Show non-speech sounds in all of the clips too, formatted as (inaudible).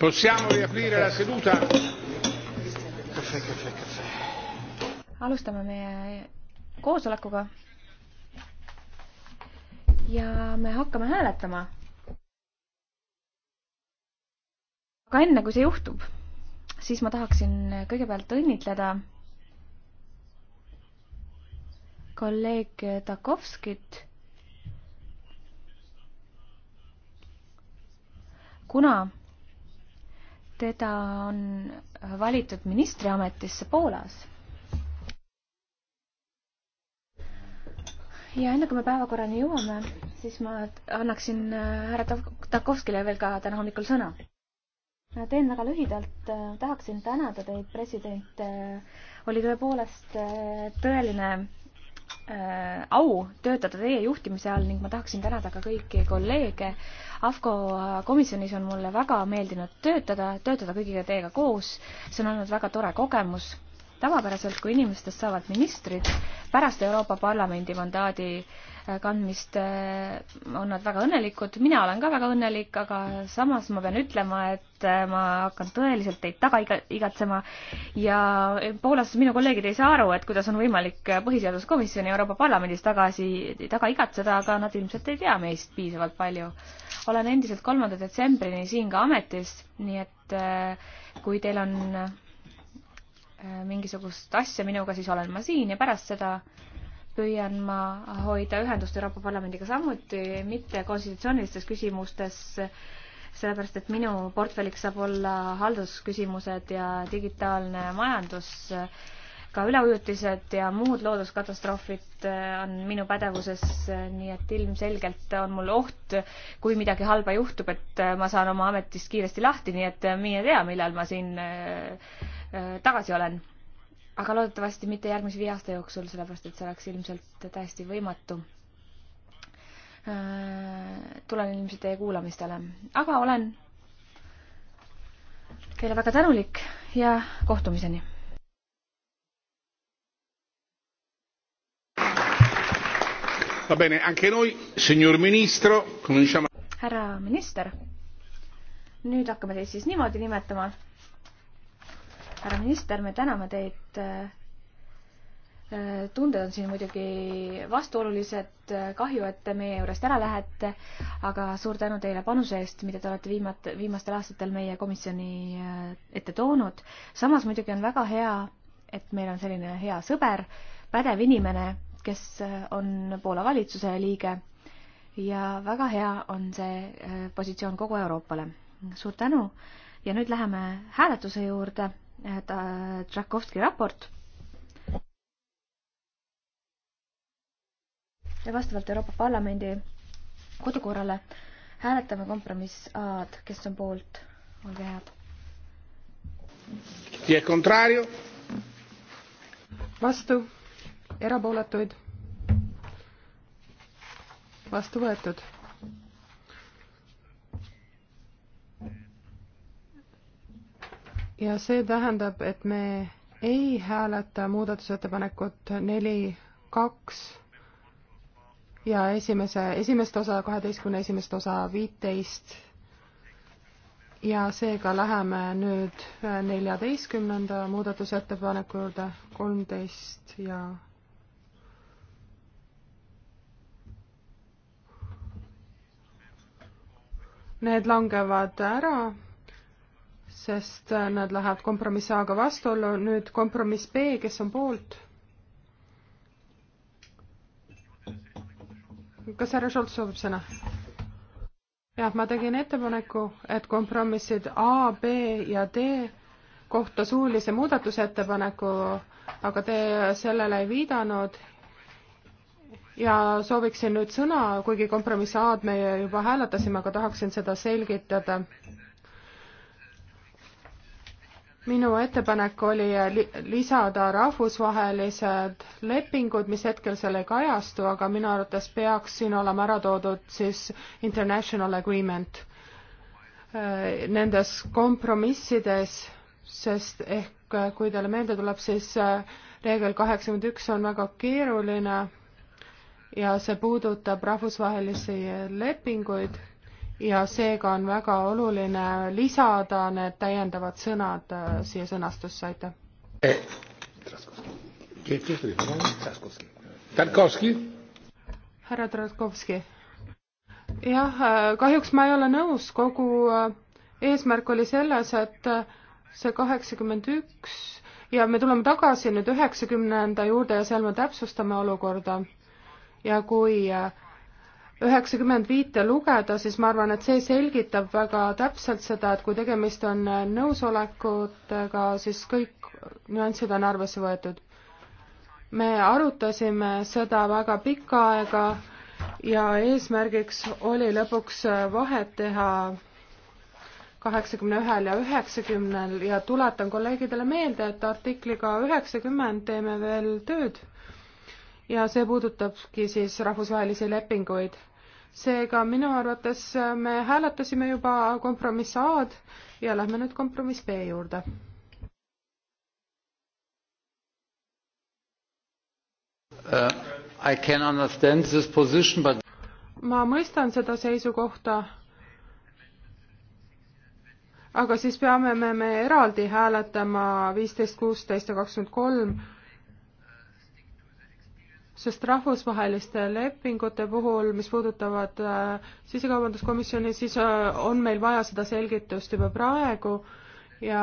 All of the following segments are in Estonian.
Possiamo riaprire la seduta? Caffè, caffè, caffè. alustame meie koosolekuga. ja me hakkame hääletama. aga enne kui see juhtub, siis ma tahaksin kõigepealt õnnitleda kolleeg Takovskit kuna teda on valitud ministriametisse Poolas. ja enne kui me päevakorrani jõuame, siis ma annaksin äh, härra Tarkovskile veel ka täna hommikul sõna. teen väga lühidalt, äh, tahaksin tänada teid, president, äh, oli tõepoolest tõeline Äh, au töötada teie juhtimise all ning ma tahaksin tänada ka kõiki kolleege. AFCO äh, komisjonis on mulle väga meeldinud töötada, töötada kõigiga teiega koos. see on olnud väga tore kogemus. tavapäraselt, kui inimestest saavad ministrid pärast Euroopa Parlamendi mandaadi äh, kandmist äh, on nad väga õnnelikud, mina olen ka väga õnnelik, aga samas ma pean ütlema, et äh, ma hakkan tõeliselt teid taga iga, igatsema ja äh, Poolas minu kolleegid ei saa aru, et kuidas on võimalik Põhiseaduskomisjoni Euroopa Parlamendis tagasi, taga igatseda, aga nad ilmselt ei tea meist piisavalt palju. olen endiselt kolmanda detsembrini siin ka ametis, nii et kui teil on mingisugust asja minuga, siis olen ma siin ja pärast seda äh, püüan ma hoida ühendust Euroopa Parlamendiga samuti, mitte konstitutsioonilistes küsimustes, sellepärast et minu portfelliks saab olla haldusküsimused ja digitaalne majandus, ka üleujutised ja muud looduskatastroofid äh, on minu pädevuses, nii et ilmselgelt on mul oht, kui midagi halba juhtub, et äh, ma saan oma ametist kiiresti lahti, nii et äh, mine tea, millal ma siin tagasi olen aga loodetavasti mitte järgmise viie aasta jooksul, sellepärast et see oleks ilmselt täiesti võimatu. Äh, tulen ilmselt teie kuulamistele, aga olen teile väga tänulik ja kohtumiseni. härra minister, nüüd hakkame teid siis niimoodi nimetama härra minister, me täname teid. Äh, tunded on siin muidugi vastuolulised, äh, kahju, et te meie juurest ära lähete, aga suur tänu teile panuse eest, mida te olete viimat-, viimastel aastatel meie komisjoni äh, ette toonud. samas muidugi on väga hea, et meil on selline hea sõber, pädev inimene, kes on Poola valitsuse liige ja väga hea on see positsioon kogu Euroopale. suur tänu ja nüüd läheme hääletuse juurde Tšakovski raport. ja vastavalt Euroopa Parlamendi kodukorrale hääletame kompromiss A-d, kes on poolt, olge head. vastu, erapooletuid, vastu võetud ja see tähendab, et me ei hääleta muudatusettepanekut neli, kaks ja esimese, esimest osa, kaheteistkümne esimest osa viiteist. ja seega läheme nüüd neljateistkümnenda muudatusettepaneku juurde, kolmteist ja Need langevad ära sest nad lähevad kompromiss A-ga vastuollu, nüüd kompromiss B, kes on poolt? kas härra Šolts soovib sõna? jah, ma tegin ettepaneku, et kompromissid A, B ja D kohta suulise muudatusettepaneku, aga te sellele ei viidanud ja sooviksin nüüd sõna, kuigi kompromiss A-d me juba hääletasime, aga tahaksin seda selgitada minu ettepanek oli lisada rahvusvahelised lepingud, mis hetkel selle ei kajastu, aga minu arvates peaks siin olema ära toodud siis international agreement äh, nendes kompromissides, sest ehk äh, kui teile meelde tuleb, siis äh, reegel kaheksakümmend üks on väga keeruline ja see puudutab rahvusvahelisi lepinguid ja seega on väga oluline lisada need täiendavad sõnad äh, siia sõnastusse, aitäh. Eh, Tarkovski. härra Tarkovski. jah, äh, kahjuks ma ei ole nõus, kogu äh, eesmärk oli selles, et see kaheksakümmend üks ja me tuleme tagasi nüüd üheksakümnenda juurde ja seal me täpsustame olukorda. ja kui äh, üheksakümmend viite lugeda, siis ma arvan, et see selgitab väga täpselt seda, et kui tegemist on nõusolekutega, siis kõik nüansid on arvesse võetud. me arutasime seda väga pikka aega ja eesmärgiks oli lõpuks vahet teha kaheksakümne ühel ja üheksakümnel ja tuletan kolleegidele meelde, et artikliga üheksakümmend teeme veel tööd ja see puudutabki siis rahvusvahelisi lepinguid seega minu arvates me hääletasime juba kompromiss A-d ja lähme nüüd kompromiss B juurde. Uh, I can understand this position, but ma mõistan seda seisukohta, aga siis peame me, me eraldi hääletama viisteist, kuusteist ja kakskümmend kolm sest rahvusvaheliste lepingute puhul, mis puudutavad äh, sisekaubanduskomisjoni, siis äh, on meil vaja seda selgitust juba praegu ja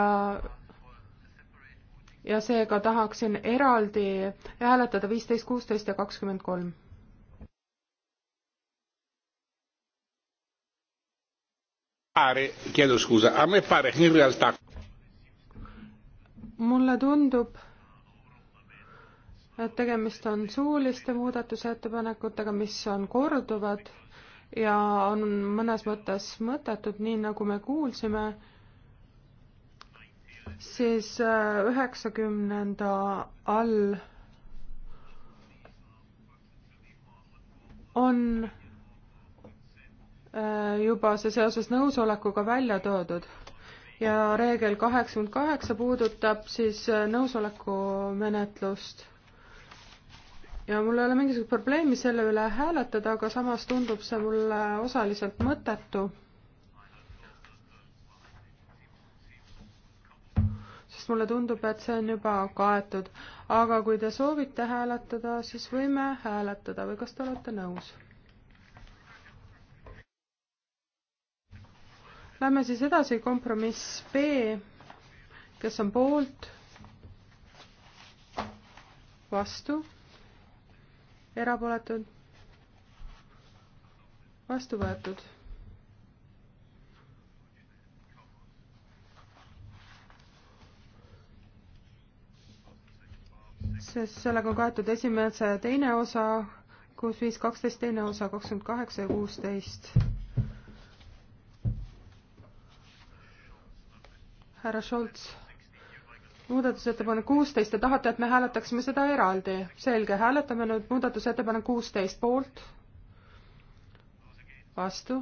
ja seega tahaksin eraldi hääletada viisteist, kuusteist ja kakskümmend kolm. mulle tundub et tegemist on suuliste muudatusettepanekutega, mis on korduvad ja on mõnes mõttes mõttetud, nii nagu me kuulsime, siis äh, üheksakümnenda all on äh, juba see seoses nõusolekuga välja toodud ja reegel kaheksakümmend kaheksa puudutab siis äh, nõusoleku menetlust ja mul ei ole mingisugust probleemi selle üle hääletada, aga samas tundub see mulle osaliselt mõttetu. sest mulle tundub, et see on juba kaetud. aga kui te soovite hääletada, siis võime hääletada või kas te olete nõus? Lähme siis edasi, kompromiss B, kes on poolt, vastu erapooletud, vastu võetud. sest sellega on kaetud esimese ja teine osa, kuus, viis, kaksteist, teine osa kakskümmend kaheksa ja kuusteist. härra Scholz muudatusettepanek kuusteist, te tahate, et me hääletaksime seda eraldi? selge, hääletame nüüd muudatusettepanek kuusteist poolt. vastu.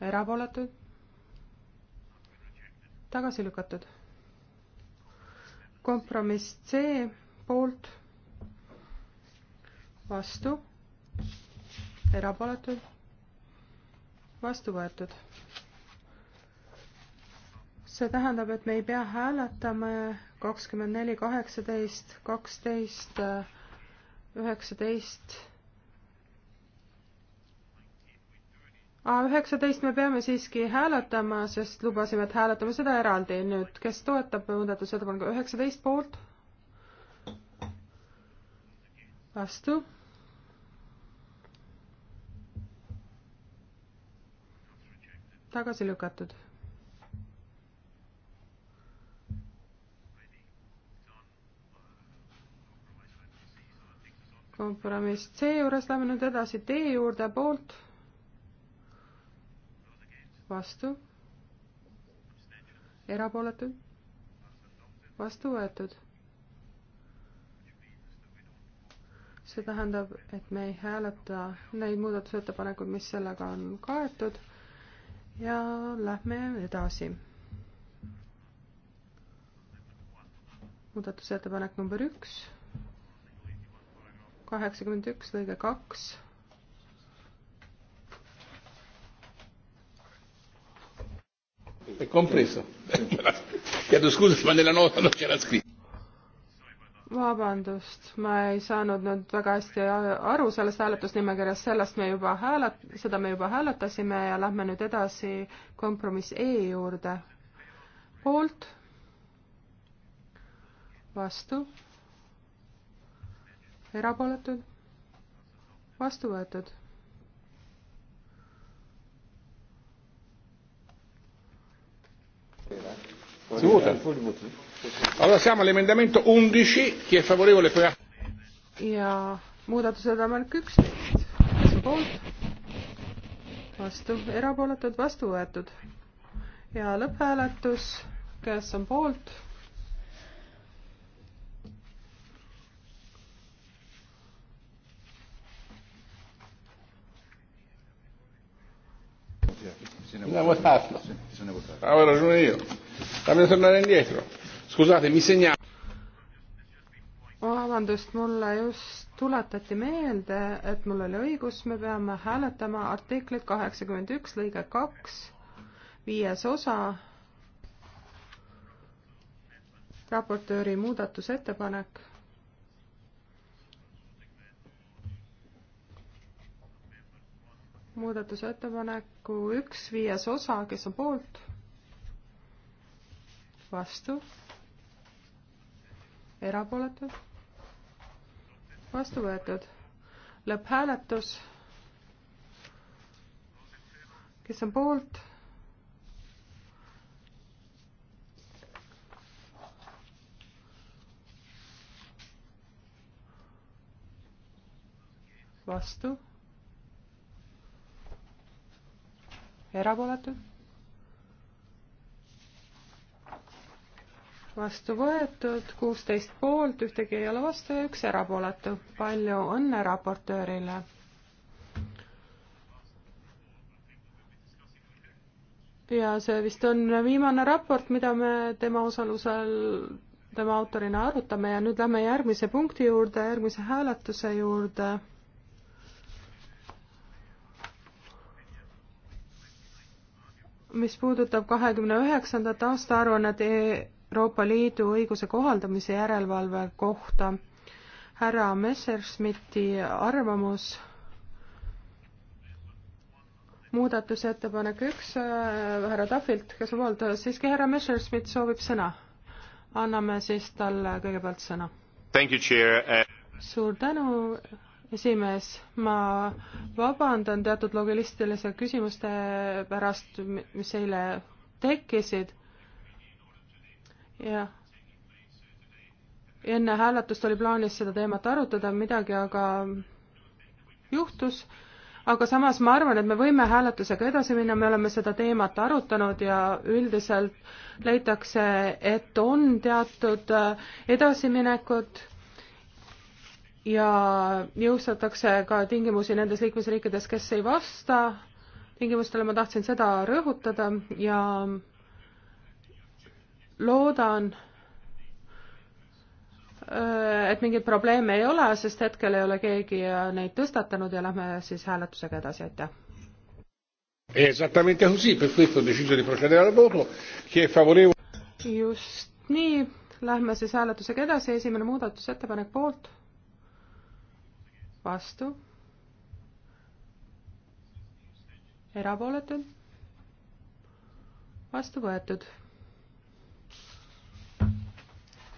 erapooletud. tagasi lükatud. kompromiss C poolt. vastu. erapooletud. vastu võetud see tähendab, et me ei pea hääletama kakskümmend neli, kaheksateist, kaksteist, üheksateist. üheksateist me peame siiski hääletama, sest lubasime, et hääletame seda eraldi. nüüd, kes toetab muudatusettepaneku üheksateist poolt? vastu tagasi lükatud kompromiss C juures, lähme nüüd edasi D juurde, poolt, vastu, erapooletud, vastu võetud. see tähendab, et me ei hääleta neid muudatusettepanekuid, mis sellega on kaetud ja lähme edasi. muudatusettepanek number üks kaheksakümmend üks lõige kaks. Compreso. (laughs) Chiedo scusa, ma nella nota non c'era scritto vabandust, ma ei saanud nüüd väga hästi aru sellest hääletusnimekirjast, sellest me juba häälet-, seda me juba hääletasime ja lähme nüüd edasi kompromiss E juurde. poolt, vastu, erapooletud, vastu võetud. si vota? Allora siamo all'emendamento 11, chi è favorevole poi a... ja muudatusettepanek üksteist, kes on poolt, vastu, erapooletud, vastu võetud. ja lõpphääletus, kes on poolt Bisogna votarlo. Sì, bisogna votarlo. Avevo ragione io. Dammi tornare indietro. Scusate, mi segnalo. Oh, vabandust, mulle just tuletati meelde, et mul oli õigus, me peame hääletama artiklit kaheksakümmend üks lõige kaks, viies osa, raportööri muudatusettepanek muudatusettepaneku üks viies osa, kes on poolt? vastu? erapooletud? vastu võetud. lõpphääletus. kes on poolt? vastu erapooletud. vastu võetud, kuusteist poolt, ühtegi ei ole vastu ja üks erapooletu. palju õnne raportöörile. ja see vist on viimane raport, mida me tema osalusel, tema autorina arutame ja nüüd lähme järgmise punkti juurde, järgmise hääletuse juurde mis puudutab kahekümne üheksandat aastaaruannet e-, Euroopa Liidu õiguse kohaldamise järelevalve kohta, härra Messerschmitti arvamus muudatusettepanek üks äh, härra Tahvilt, kes on poolt, siiski härra Messerschmidt soovib sõna. anname siis talle kõigepealt sõna. suur tänu, esimees, ma vabandan teatud logilistilise küsimuste pärast, mis eile tekkisid. jah. enne hääletust oli plaanis seda teemat arutada, midagi aga juhtus, aga samas ma arvan, et me võime hääletusega edasi minna, me oleme seda teemat arutanud ja üldiselt leitakse, et on teatud edasiminekud ja jõustatakse ka tingimusi nendes liikmesriikides, kes ei vasta tingimustele, ma tahtsin seda rõhutada ja loodan, äh, et mingeid probleeme ei ole, sest hetkel ei ole keegi neid tõstatanud ja lähme siis hääletusega edasi, aitäh. Esattamente così, per questo ho deciso di procedere al voto, chi è favorevole. just nii, lähme siis hääletusega edasi, esimene muudatusettepanek poolt vastu, erapooletud, vastu võetud.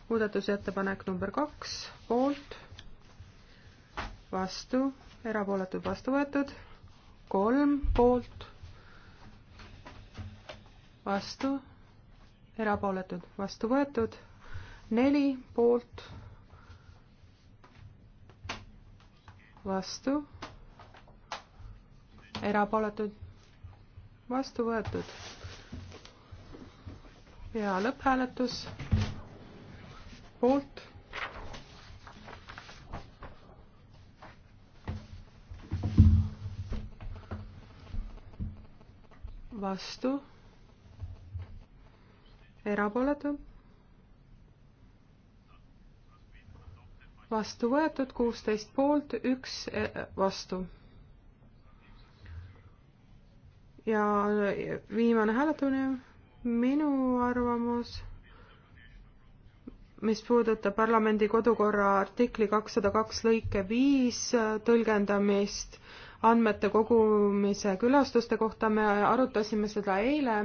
muudatusettepanek number kaks, poolt, vastu, erapooletud, vastu võetud, kolm poolt, vastu, erapooletud, vastu võetud, neli poolt vastu, erapooletud, vastu võetud. ja lõpphääletus poolt. vastu, erapooletu vastu võetud, kuusteist poolt, üks eh, vastu. ja viimane hääletamine, minu arvamus, mis puudutab parlamendi kodukorra artikli kakssada kaks lõike viis tõlgendamist andmete kogumise külastuste kohta, me arutasime seda eile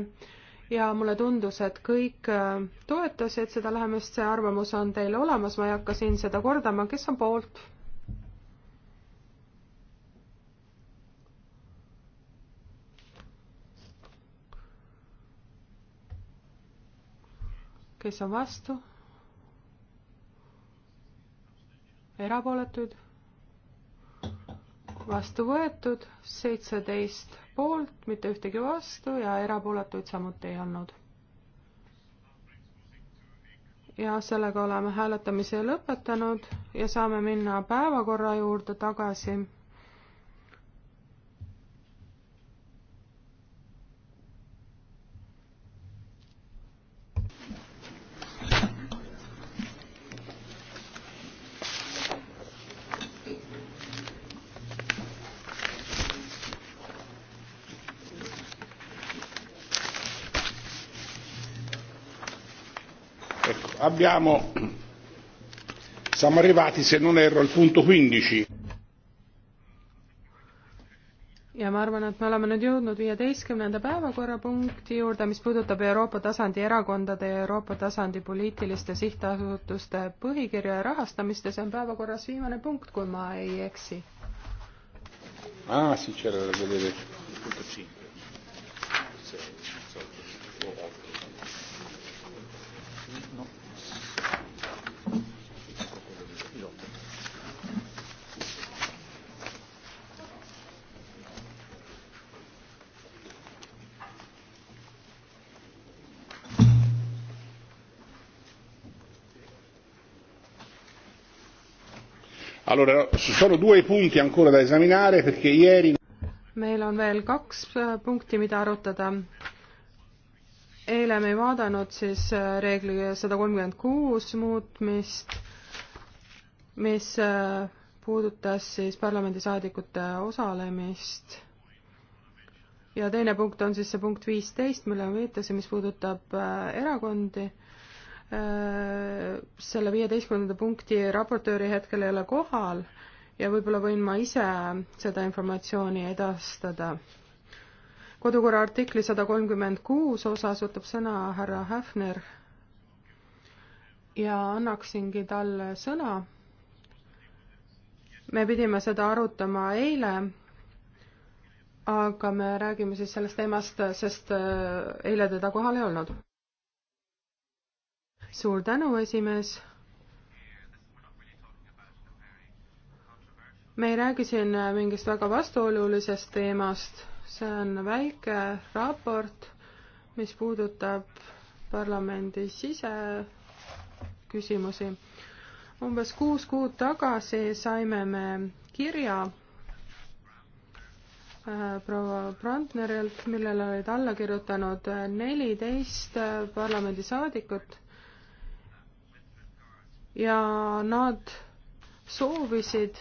ja mulle tundus, et kõik äh, toetasid seda lähemist, see arvamus on teil olemas, ma ei hakka siin seda kordama, kes on poolt? kes on vastu? erapooletuid vastu võetud, seitseteist poolt, mitte ühtegi vastu ja erapooletuid samuti ei olnud. ja sellega oleme hääletamise lõpetanud ja saame minna päevakorra juurde tagasi abbiamo siamo arrivati se non erro al punto 15 ja ma arvan, et me oleme nüüd jõudnud viieteistkümnenda päevakorrapunkti juurde, mis puudutab Euroopa tasandi erakondade ja Euroopa tasandi poliitiliste sihtasutuste põhikirja ja rahastamist ja see on päevakorras viimane punkt, kui ma ei eksi. aa, siis seal ei ole veel. Allora, sono due punti ancora da esaminare perché ieri... meil on veel kaks äh, punkti, mida arutada. eile me ei vaadanud siis äh, reegli sada kolmkümmend kuus muutmist, mis äh, puudutas siis parlamendisaadikute osalemist. ja teine punkt on siis see punkt viisteist, millele ma viitasin, mis puudutab erakondi Äh, selle viieteistkümnenda punkti raportööri hetkel ei ole kohal ja võib-olla võin ma ise seda informatsiooni edastada. kodukorra artikli sada kolmkümmend kuus osas võtab sõna härra Häfner ja annaksingi talle sõna. me pidime seda arutama eile, aga me räägime siis sellest teemast, sest äh, eile teda kohal ei olnud suur tänu, esimees. me ei räägi siin mingist väga vastuolulisest teemast, see on väike raport, mis puudutab parlamendi siseküsimusi. umbes kuus kuud tagasi saime me kirja äh, proua Brandnerilt, millele olid alla kirjutanud äh, neliteist äh, parlamendisaadikut ja nad soovisid,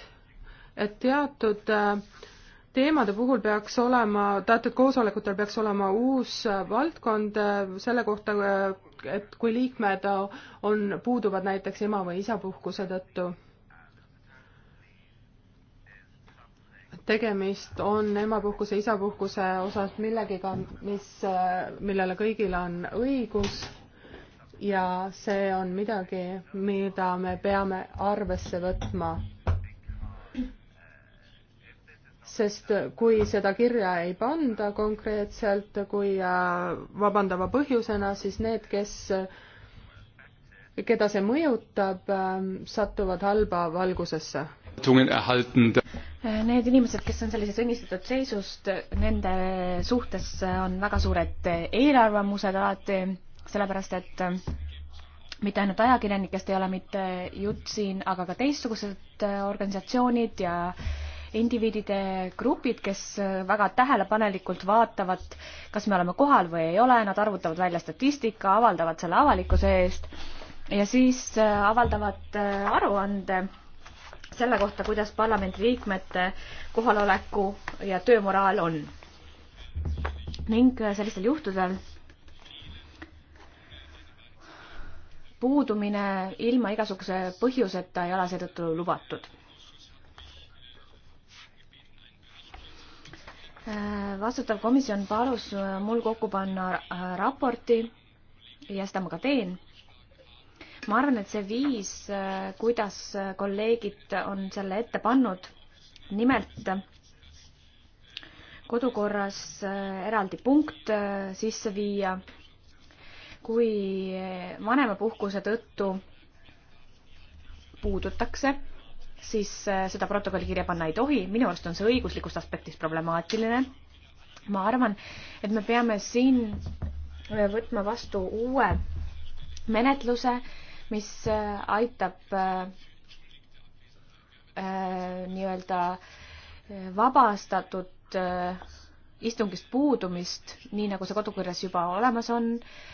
et teatud äh, teemade puhul peaks olema, teatud koosolekutel peaks olema uus äh, valdkond äh, selle kohta, et kui liikmed on, puuduvad näiteks ema või isa puhkuse tõttu. tegemist on emapuhkuse, isapuhkuse osas millegiga, mis, millele kõigil on õigus ja see on midagi, mida me peame arvesse võtma. sest kui seda kirja ei panda konkreetselt kui äh, vabandava põhjusena, siis need, kes, keda see mõjutab, äh, satuvad halba valgusesse Need inimesed, kes on sellisest õnnistatud seisust, nende suhtes on väga suured eelarvamused alati sellepärast et äh, mitte ainult ajakirjanikest ei ole mitte jutt siin, aga ka teistsugused äh, organisatsioonid ja indiviidide grupid, kes äh, väga tähelepanelikult vaatavad, kas me oleme kohal või ei ole, nad arvutavad välja statistika, avaldavad selle avalikkuse eest ja siis avaldavad aruande selle kohta, kuidas parlamendiliikmete kohaloleku ja töömoraal on. ning sellistel juhtudel puudumine ilma igasuguse põhjuseta ei ole seetõttu lubatud. vastutav komisjon palus mul kokku panna raporti ja seda ma ka teen. ma arvan, et see viis, kuidas kolleegid on selle ette pannud, nimelt kodukorras eraldi punkt sisse viia kui vanemapuhkuse tõttu puudutakse, siis äh, seda protokolli kirja panna ei tohi, minu arust on see õiguslikust aspektist problemaatiline. ma arvan, et me peame siin äh, võtma vastu uue menetluse, mis äh, aitab äh, nii-öelda vabastatud äh, istungist puudumist, nii nagu see kodukorras juba olemas on äh,,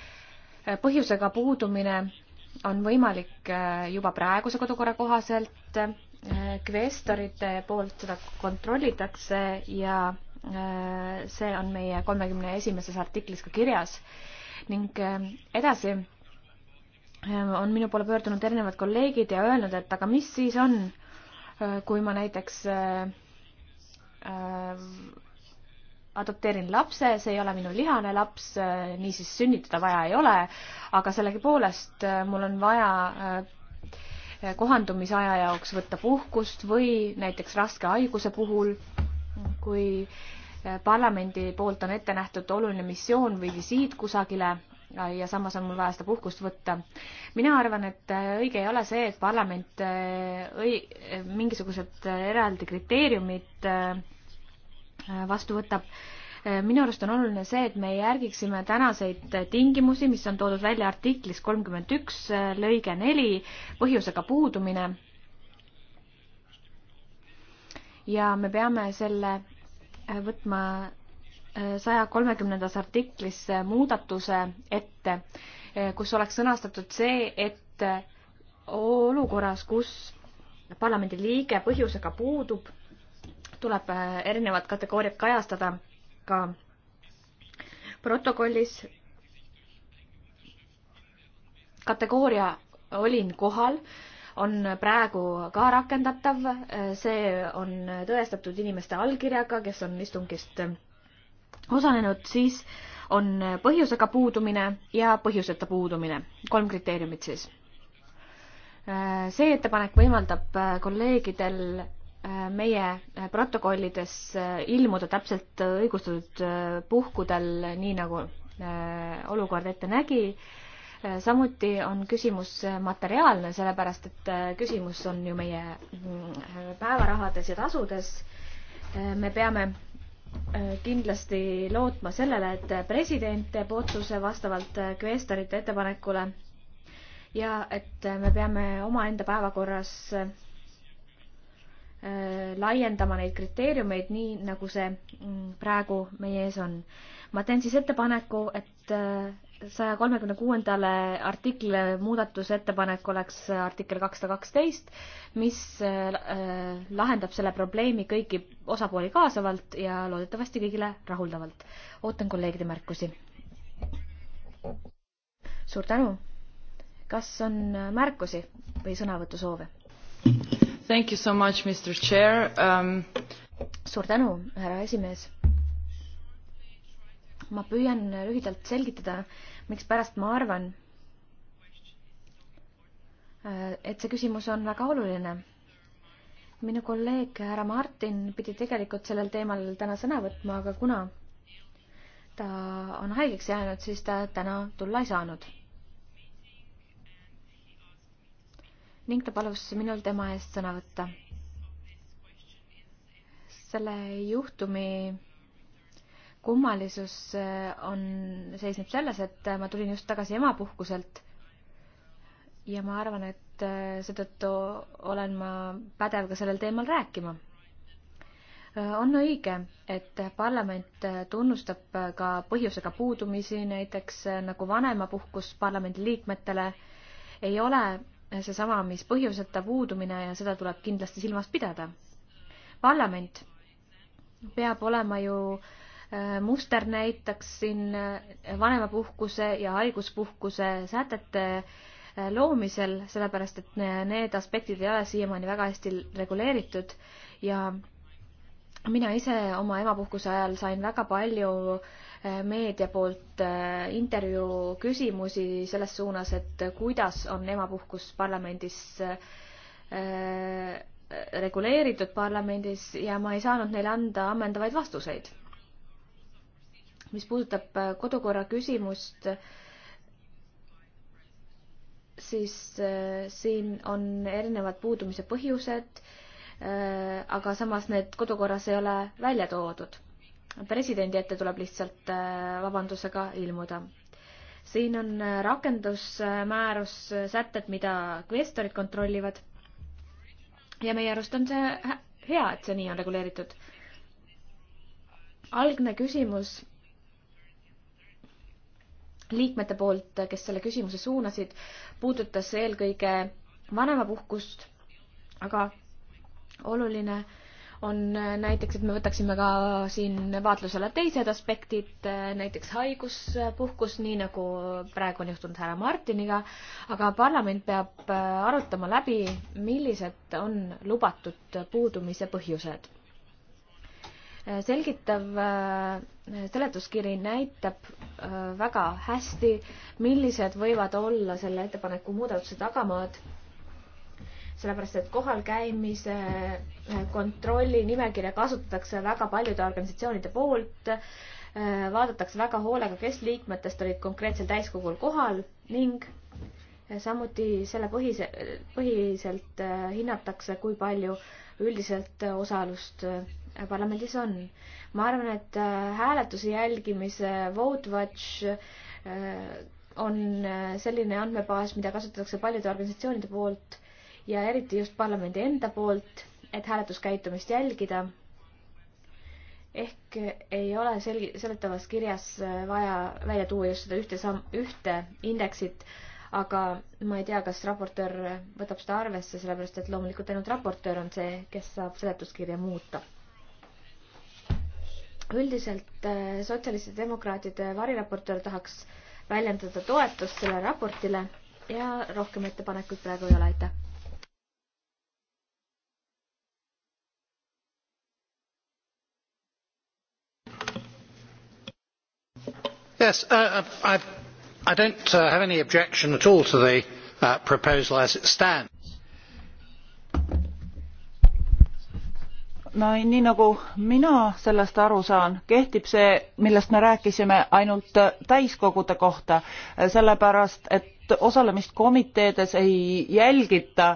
põhjusega puudumine on võimalik äh, juba praeguse kodukorra kohaselt. Äh, kvestorite poolt seda kontrollitakse ja äh, see on meie kolmekümne esimeses artiklis ka kirjas ning edasi on minu poole pöördunud erinevad kolleegid ja öelnud, et aga mis siis on, kui ma näiteks adopteerin lapse, see ei ole minu lihane laps, niisiis sünnitada vaja ei ole, aga sellegipoolest äh, mul on vaja äh, kohandumisaja jaoks võtta puhkust või näiteks raske haiguse puhul, kui äh, parlamendi poolt on ette nähtud oluline missioon või visiit kusagile ja samas on mul vaja seda puhkust võtta. mina arvan, et õige ei ole see, et parlament õi-, mingisugused eraldi kriteeriumid äh, Äh, vastu võtab. Äh, minu arust on oluline see, et me järgiksime tänaseid tingimusi, mis on toodud välja artiklis kolmkümmend üks äh, lõige neli, põhjusega puudumine. ja me peame selle võtma saja kolmekümnendas artiklis muudatuse ette, kus oleks sõnastatud see, et olukorras, kus parlamendi liige põhjusega puudub, tuleb äh, erinevad kategooriad kajastada ka protokollis. kategooria olin kohal, on praegu ka rakendatav, äh, see on tõestatud inimeste allkirjaga, kes on istungist osalenud, siis on põhjusega puudumine ja põhjuseta puudumine, kolm kriteeriumit siis. Äh, see ettepanek võimaldab kolleegidel meie protokollides ilmuda täpselt õigustatud puhkudel, nii nagu äh, olukord ette nägi. Äh, samuti on küsimus materiaalne, sellepärast et äh, küsimus on ju meie mm, päevarahades ja tasudes. me peame kindlasti lootma sellele, et president teeb otsuse vastavalt kvestorite ettepanekule ja et me peame omaenda päevakorras Äh, laiendama neid kriteeriumeid nii, nagu see mm, praegu meie ees on. ma teen siis ettepaneku, et äh, saja kolmekümne kuuendale artiklile muudatusettepanek oleks äh, artikkel kakssada kaksteist, mis lahendab selle probleemi kõiki osapooli kaasavalt ja loodetavasti kõigile rahuldavalt. ootan kolleegide märkusi. suur tänu. kas on märkusi või sõnavõtusoove? Thank you so much, Mr Chair um.... suur tänu, härra esimees. ma püüan lühidalt selgitada, mikspärast ma arvan, äh, et see küsimus on väga oluline. minu kolleeg härra Martin pidi tegelikult sellel teemal täna sõna võtma, aga kuna ta on haigeks jäänud, siis ta täna tulla ei saanud ning ta palus minul tema eest sõna võtta. selle juhtumi kummalisus eh, on, seisneb selles, et ma tulin just tagasi emapuhkuselt ja ma arvan, et eh, seetõttu olen ma pädev ka sellel teemal rääkima. Eh, on õige, et parlament tunnustab ka põhjusega puudumisi, näiteks nagu vanemapuhkus parlamendiliikmetele ei ole seesama, mis põhjuseta puudumine ja seda tuleb kindlasti silmas pidada. parlament peab olema ju äh, musternäiteks siin äh, vanemapuhkuse ja haiguspuhkuse sätete äh, loomisel, sellepärast et need aspektid ei ole siiamaani väga hästi reguleeritud ja mina ise oma emapuhkuse ajal sain väga palju äh, meedia poolt äh, intervjuu küsimusi selles suunas, et kuidas on emapuhkus parlamendis äh, reguleeritud parlamendis ja ma ei saanud neile anda ammendavaid vastuseid. mis puudutab äh, kodukorra küsimust, siis siin on erinevad puudumise põhjused, aga samas need kodukorras ei ole välja toodud presidendi ette tuleb lihtsalt äh, vabandusega ilmuda. siin on äh, rakendusmäärus äh, sätted, mida kvestorid kontrollivad. ja meie arust on see hea, et see nii on reguleeritud. algne küsimus liikmete poolt, kes selle küsimuse suunasid, puudutas eelkõige vanemapuhkust, aga oluline äh, on äh, näiteks, et me võtaksime ka siin vaatlusele teised aspektid, äh, näiteks haiguspuhkus, nii nagu praegu on juhtunud härra Martiniga, aga parlament peab äh, arutama läbi, millised on lubatud puudumise põhjused. selgitav seletuskiri näitab väga hästi, millised võivad olla selle ettepaneku muudatuse tagamaad sellepärast et kohal käimise äh, kontrolli nimekirja kasutatakse väga paljude organisatsioonide poolt, äh, vaadatakse väga hoolega, kes liikmetest olid konkreetsel täiskogul kohal ning äh, samuti selle põhise, põhiselt hinnatakse, kui palju üldiselt osalust parlamendis on. ma arvan, et hääletuse jälgimise VoteWatch on selline andmebaas, mida kasutatakse paljude organisatsioonide poolt ja eriti just parlamendi enda poolt, et hääletuskäitumist jälgida. ehk ei ole selgi-, seletavas kirjas vaja välja tuua just seda ühte samm, ühte indeksit, aga ma ei tea, kas raportöör võtab seda arvesse, sellepärast et loomulikult ainult raportöör on see, kes saab seletuskirja muuta. üldiselt äh, sotsialistide demokraatide variraportöör tahaks väljendada toetust sellele raportile ja rohkem ettepanekuid praegu ei ole, aitäh. Yes, uh, uh I've, I don't uh, have any objection at all to the uh, proposal as it stands. no nii nagu mina sellest aru saan, kehtib see, millest me rääkisime, ainult äh, täiskogude kohta, äh, sellepärast et osalemist komiteedes ei jälgita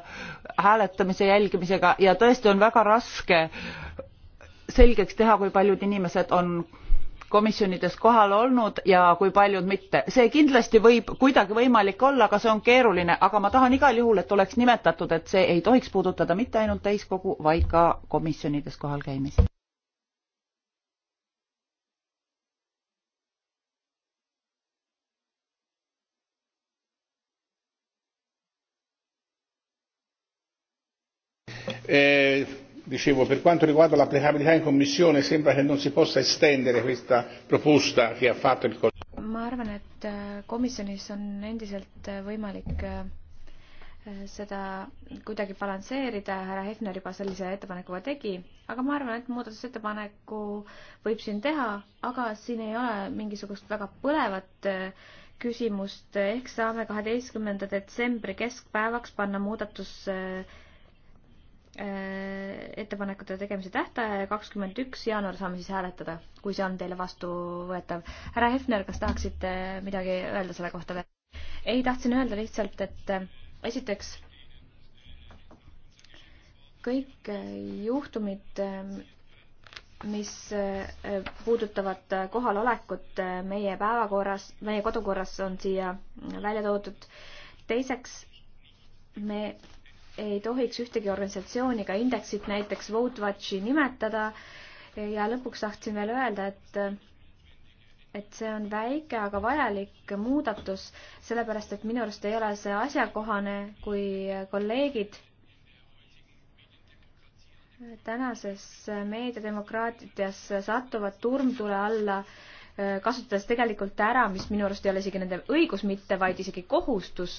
hääletamise jälgimisega ja tõesti on väga raske selgeks teha, kui paljud inimesed on komisjonides kohal olnud ja kui paljud mitte. see kindlasti võib kuidagi võimalik olla, aga see on keeruline, aga ma tahan igal juhul, et oleks nimetatud, et see ei tohiks puudutada mitte ainult täiskogu, vaid ka komisjonides kohal käimist. Eh, dicevo per quanto riguarda l'applicabilità in commissione sembra che non si possa estendere questa proposta che ha fatto il ma arvan, et äh, komisjonis on endiselt äh, võimalik äh, seda kuidagi balansseerida, härra Hefner juba sellise ettepaneku ka tegi, aga ma arvan, et muudatusettepaneku võib siin teha, aga siin ei ole mingisugust väga põlevat küsimust, ehk saame kaheteistkümnenda detsembri keskpäevaks panna muudatus äh, Äh, ettepanekute tegemise tähtaja ja kakskümmend üks jaanuar saame siis hääletada, kui see on teile vastuvõetav. härra Hefner, kas tahaksite midagi öelda selle kohta veel? ei, tahtsin öelda lihtsalt, et äh, esiteks kõik äh, juhtumid, mis puudutavad kohalolekut meie päevakorras, meie kodukorras on siia välja toodud. teiseks, me ei tohiks ühtegi organisatsiooni ega indeksit näiteks VoteWatchi nimetada. ja lõpuks tahtsin veel öelda, et et see on väike, aga vajalik muudatus, sellepärast et minu arust ei ole see asjakohane, kui kolleegid tänases meediademokraatias satuvad turmtule alla äh, kasutades tegelikult ära, mis minu arust ei ole isegi nende õigus mitte, vaid isegi kohustus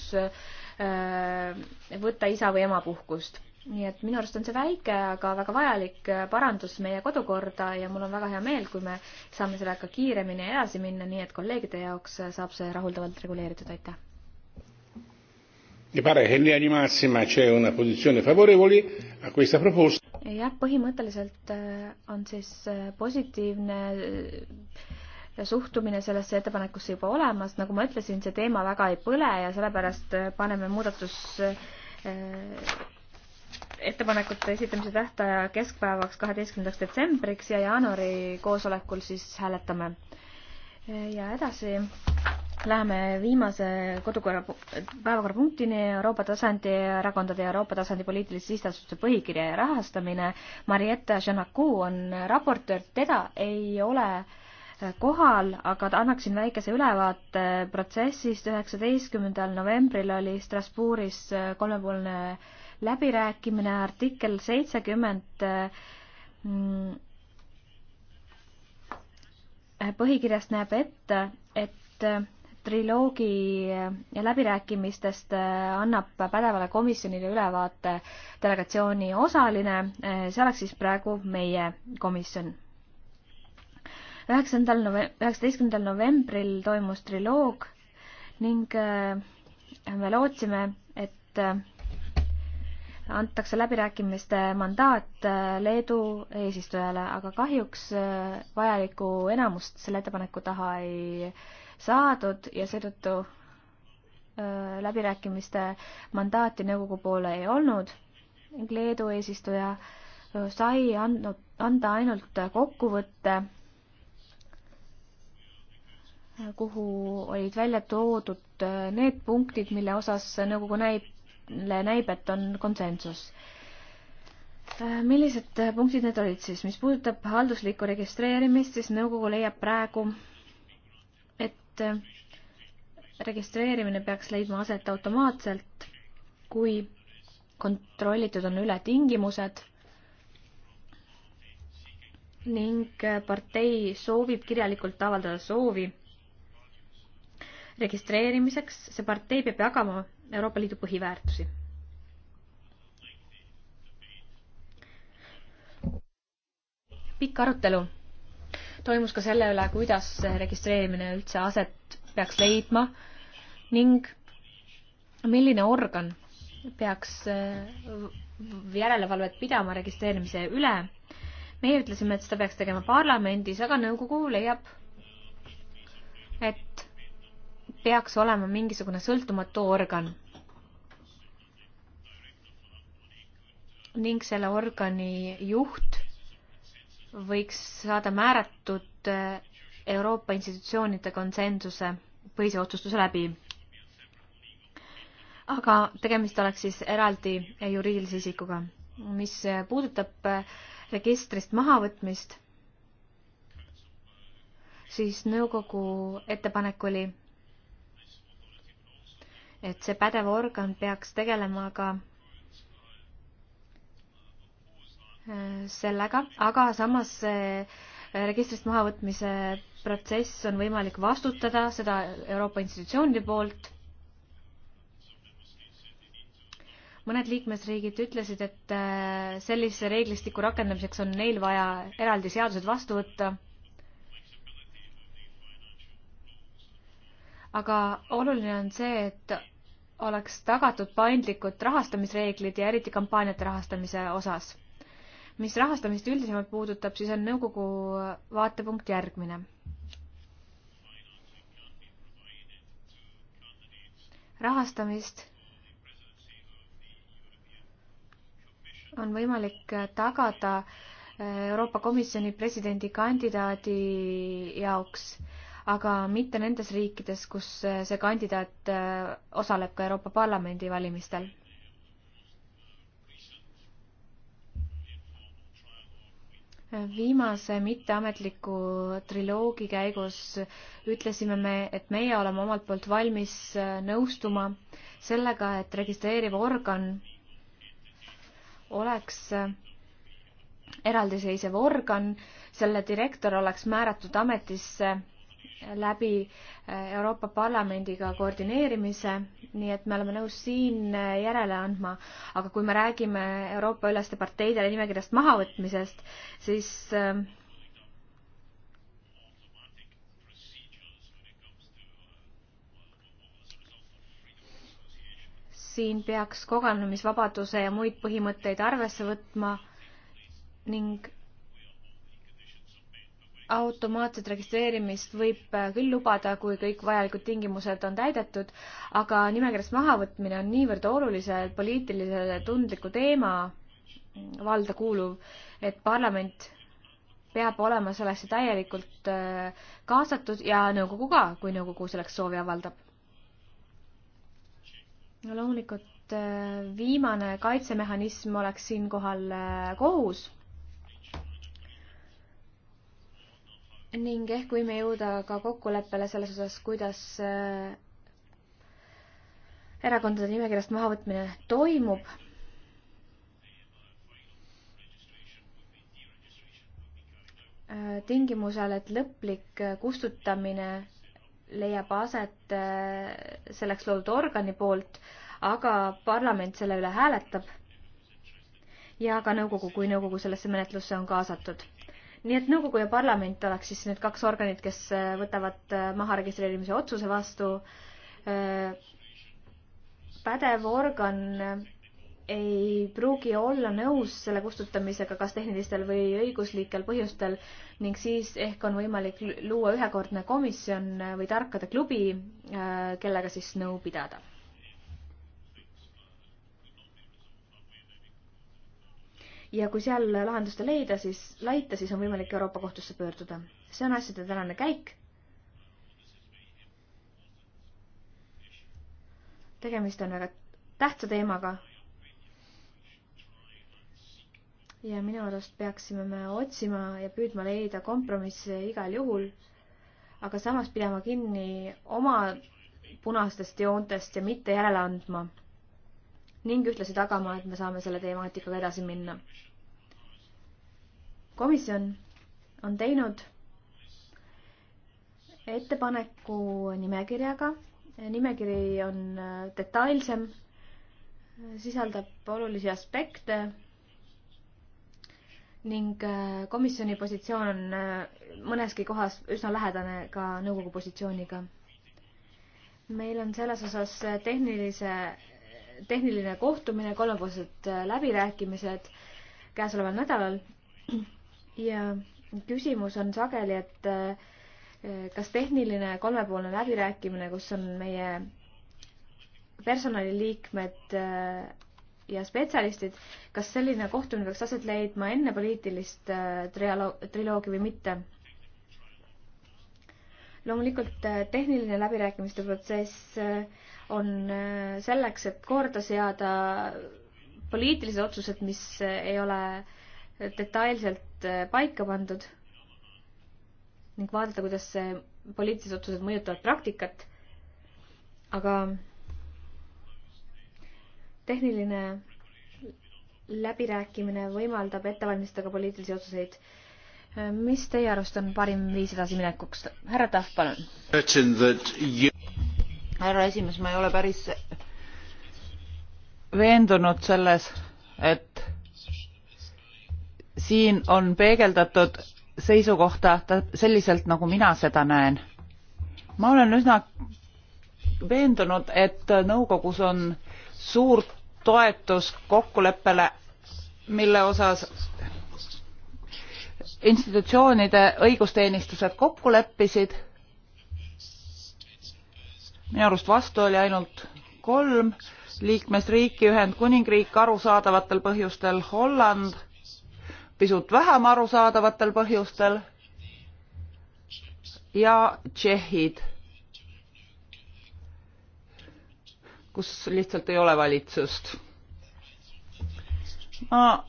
võtta isa või ema puhkust. nii et minu arust on see väike, aga väga vajalik parandus meie kodukorda ja mul on väga hea meel, kui me saame sellega kiiremini edasi minna, nii et kolleegide jaoks saab see rahuldavalt reguleeritud, aitäh. Mi pare che in linea di massima c'è una posizione favorevole a questa proposta. jah, põhimõtteliselt äh, on siis äh, positiivne äh, suhtumine sellesse ettepanekusse juba olemas, nagu ma ütlesin, see teema väga ei põle ja sellepärast äh, paneme muudatus äh, ettepanekute esitamise tähtaja keskpäevaks, kaheteistkümnendaks detsembriks ja jaanuari koosolekul siis hääletame. Äh, ja edasi läheme viimase kodukorra, päevakorrapunktini Euroopa tasandi erakondade ja Euroopa tasandi poliitilise sihtasutuse põhikirja ja rahastamine. Marietta Janaku on raportöör, teda ei ole äh, kohal, aga annaksin väikese ülevaate protsessist. üheksateistkümnendal novembril oli Strasbourgis äh, kolmepoolne läbirääkimine, artikkel seitsekümmend äh, mm, põhikirjast näeb ette, et äh, triloogi läbirääkimistest annab pädevale komisjonile ülevaate delegatsiooni osaline, see oleks siis praegu meie komisjon üheksandal nove-, üheksateistkümnendal novembril toimus triloog ning äh, me lootsime, et äh, antakse läbirääkimiste mandaat äh, Leedu eesistujale, aga kahjuks vajalikku enamust selle ettepaneku taha ei saadud ja seetõttu läbirääkimiste mandaati nõukogu poole ei olnud. Leedu eesistuja sai andnud, anda ainult kokkuvõtte kuhu olid välja toodud äh, need punktid, mille osas nõukogu näib, näib, et on konsensus. Äh, millised äh, punktid need olid siis, mis puudutab halduslikku registreerimist, siis nõukogu leiab praegu, et registreerimine peaks leidma aset automaatselt, kui kontrollitud on üle tingimused ning partei soovib kirjalikult avaldada soovi registreerimiseks, see partei peab jagama Euroopa Liidu põhiväärtusi. pikk arutelu toimus ka selle üle, kuidas registreerimine üldse aset peaks leidma ning milline organ peaks äh, järelevalvet pidama registreerimise üle. meie ütlesime, et seda peaks tegema parlamendis, aga nõukogu leiab, et peaks olema mingisugune sõltumatu organ. ning selle organi juht võiks saada määratud eh, Euroopa institutsioonide konsensuse põhise otsustuse läbi. aga tegemist oleks siis eraldi juriidilise isikuga. mis puudutab eh, registrist mahavõtmist, siis nõukogu ettepanek oli et see pädev organ peaks tegelema ka äh, sellega, aga samas registrist mahavõtmise protsess on võimalik vastutada, seda Euroopa institutsioonide poolt. mõned liikmesriigid ütlesid, et äh, sellise reeglistiku rakendamiseks on neil vaja eraldi seadused vastu võtta. aga oluline on see, et oleks tagatud paindlikud rahastamisreeglid ja eriti kampaaniate rahastamise osas. mis rahastamist üldisemalt puudutab, siis on nõukogu vaatepunkt järgmine. rahastamist on võimalik tagada Euroopa Komisjoni presidendikandidaadi jaoks äh, aga mitte nendes riikides, kus see kandidaat äh, osaleb ka Euroopa Parlamendi valimistel. viimase mitteametliku triloogi käigus ütlesime me, et meie oleme omalt poolt valmis äh, nõustuma sellega, et registreeriv organ oleks äh, eraldiseisev organ, selle direktor oleks määratud ametisse läbi äh, Euroopa Parlamendiga koordineerimise, nii et me oleme nõus siin äh, järele andma, aga kui me räägime Euroopa-üleste parteidele nimekirjast mahavõtmisest, siis ähm, siin peaks kogunemisvabaduse ja muid põhimõtteid arvesse võtma ning automaatset registreerimist võib äh, küll lubada, kui kõik vajalikud tingimused on täidetud, aga nimekirjast mahavõtmine on niivõrd olulise poliitilise tundliku teema valda kuuluv, et parlament peab olema sellesse täielikult äh, kaasatud ja nõukogu ka, kui nõukogu selleks soovi avaldab. no loomulikult äh, viimane kaitsemehhanism oleks siinkohal kohus ning ehk võime jõuda ka kokkuleppele selles osas, kuidas äh, erakondade nimekirjast mahavõtmine toimub. Äh, tingimusel, et lõplik äh, kustutamine leiab aset selleks loodud organi poolt, aga parlament selle üle hääletab ja ka nõukogu, kui nõukogu sellesse menetlusse on kaasatud nii et nõukogu ja parlament oleks siis need kaks organit, kes äh, võtavad äh, maha registreerimise otsuse vastu. Äh, pädev organ ei pruugi olla nõus selle kustutamisega kas tehnilistel või õiguslikel põhjustel ning siis ehk on võimalik luua ühekordne komisjon või tarkade klubi, kellega siis nõu pidada ja kui seal lahendust ei leida, siis, leita, siis on võimalik Euroopa Kohtusse pöörduda. see on asjade tänane käik. tegemist on väga tähtsa teemaga. ja minu arust peaksime me otsima ja püüdma leida kompromisse igal juhul, aga samas pidama kinni oma punastest joontest ja mitte järele andma ning ühtlasi tagama, et me saame selle temaatikaga edasi minna. komisjon on teinud ettepaneku nimekirjaga. nimekiri on äh, detailsem, äh, sisaldab olulisi aspekte ning äh, komisjoni positsioon on mõneski kohas üsna lähedane ka nõukogu positsiooniga. meil on selles osas tehnilise tehniline kohtumine, kolmepoolsed äh, läbirääkimised käesoleval nädalal. (clears throat) ja küsimus on sageli, et äh, kas tehniline kolmepoolne läbirääkimine, kus on meie personaliliikmed äh, ja spetsialistid, kas selline kohtumine peaks aset leidma enne poliitilist trialoogi või mitte? loomulikult äh, tehniline läbirääkimiste protsess äh, on äh, selleks, et korda seada poliitilised otsused, mis ei ole detailselt paika pandud ning vaadata, kuidas see poliitilised otsused mõjutavad praktikat. aga tehniline läbirääkimine võimaldab ette valmistada poliitilisi otsuseid mis teie arust on parim viis edasiminekuks? härra Tahv, palun. härra esimees, ma ei ole päris veendunud selles, et siin on peegeldatud seisukohta selliselt, nagu mina seda näen. ma olen üsna veendunud, et nõukogus on suur toetus kokkuleppele, mille osas institutsioonide õigusteenistused kokku leppisid. minu arust vastu oli ainult kolm liikmesriiki, Ühendkuningriik arusaadavatel põhjustel, Holland pisut vähem arusaadavatel põhjustel ja Tšehhid, kus lihtsalt ei ole valitsust. ma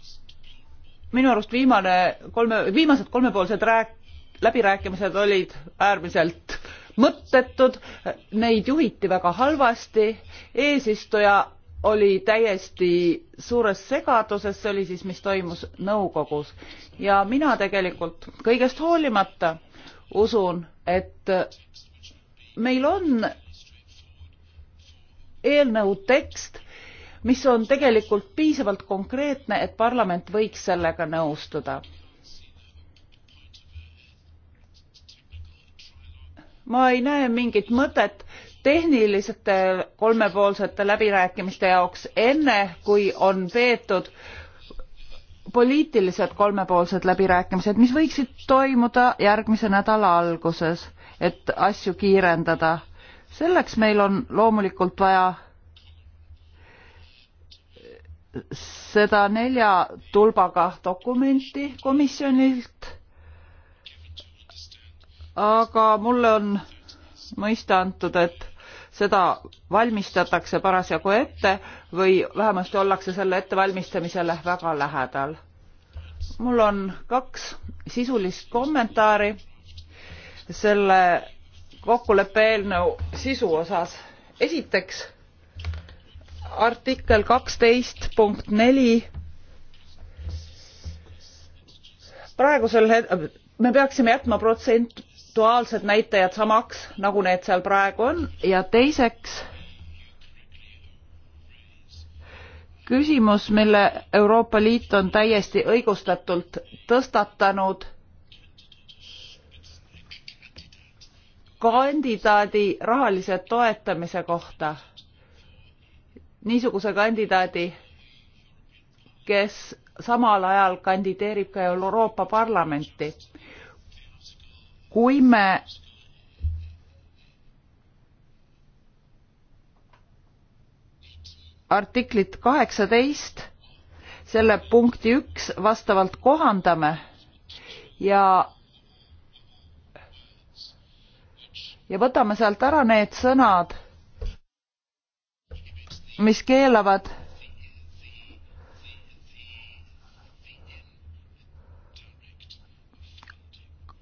minu arust viimane kolme, viimased kolmepoolsed rääk-, läbirääkimised olid äärmiselt mõttetud, neid juhiti väga halvasti, eesistuja oli täiesti suures segaduses, see oli siis, mis toimus nõukogus. ja mina tegelikult kõigest hoolimata usun, et meil on eelnõu tekst, mis on tegelikult piisavalt konkreetne, et parlament võiks sellega nõustuda. ma ei näe mingit mõtet tehniliste kolmepoolsete läbirääkimiste jaoks enne, kui on peetud poliitilised kolmepoolsed läbirääkimised, mis võiksid toimuda järgmise nädala alguses, et asju kiirendada. selleks meil on loomulikult vaja seda nelja tulbaga dokumenti komisjonilt, aga mulle on mõista antud, et seda valmistatakse parasjagu ette või vähemasti ollakse selle ettevalmistamisele väga lähedal. mul on kaks sisulist kommentaari selle kokkuleppe eelnõu sisu osas. esiteks artikkel kaksteist punkt neli praegusel het- me peaksime jätma protsentuaalsed näitajad samaks nagu need seal praegu on ja teiseks küsimus mille euroopa liit on täiesti õigustatult tõstatanud kandidaadi rahalise toetamise kohta niisuguse kandidaadi, kes samal ajal kandideerib ka Euroopa Parlamenti. kui me artiklit kaheksateist, selle punkti üks vastavalt kohandame ja ja võtame sealt ära need sõnad mis keelavad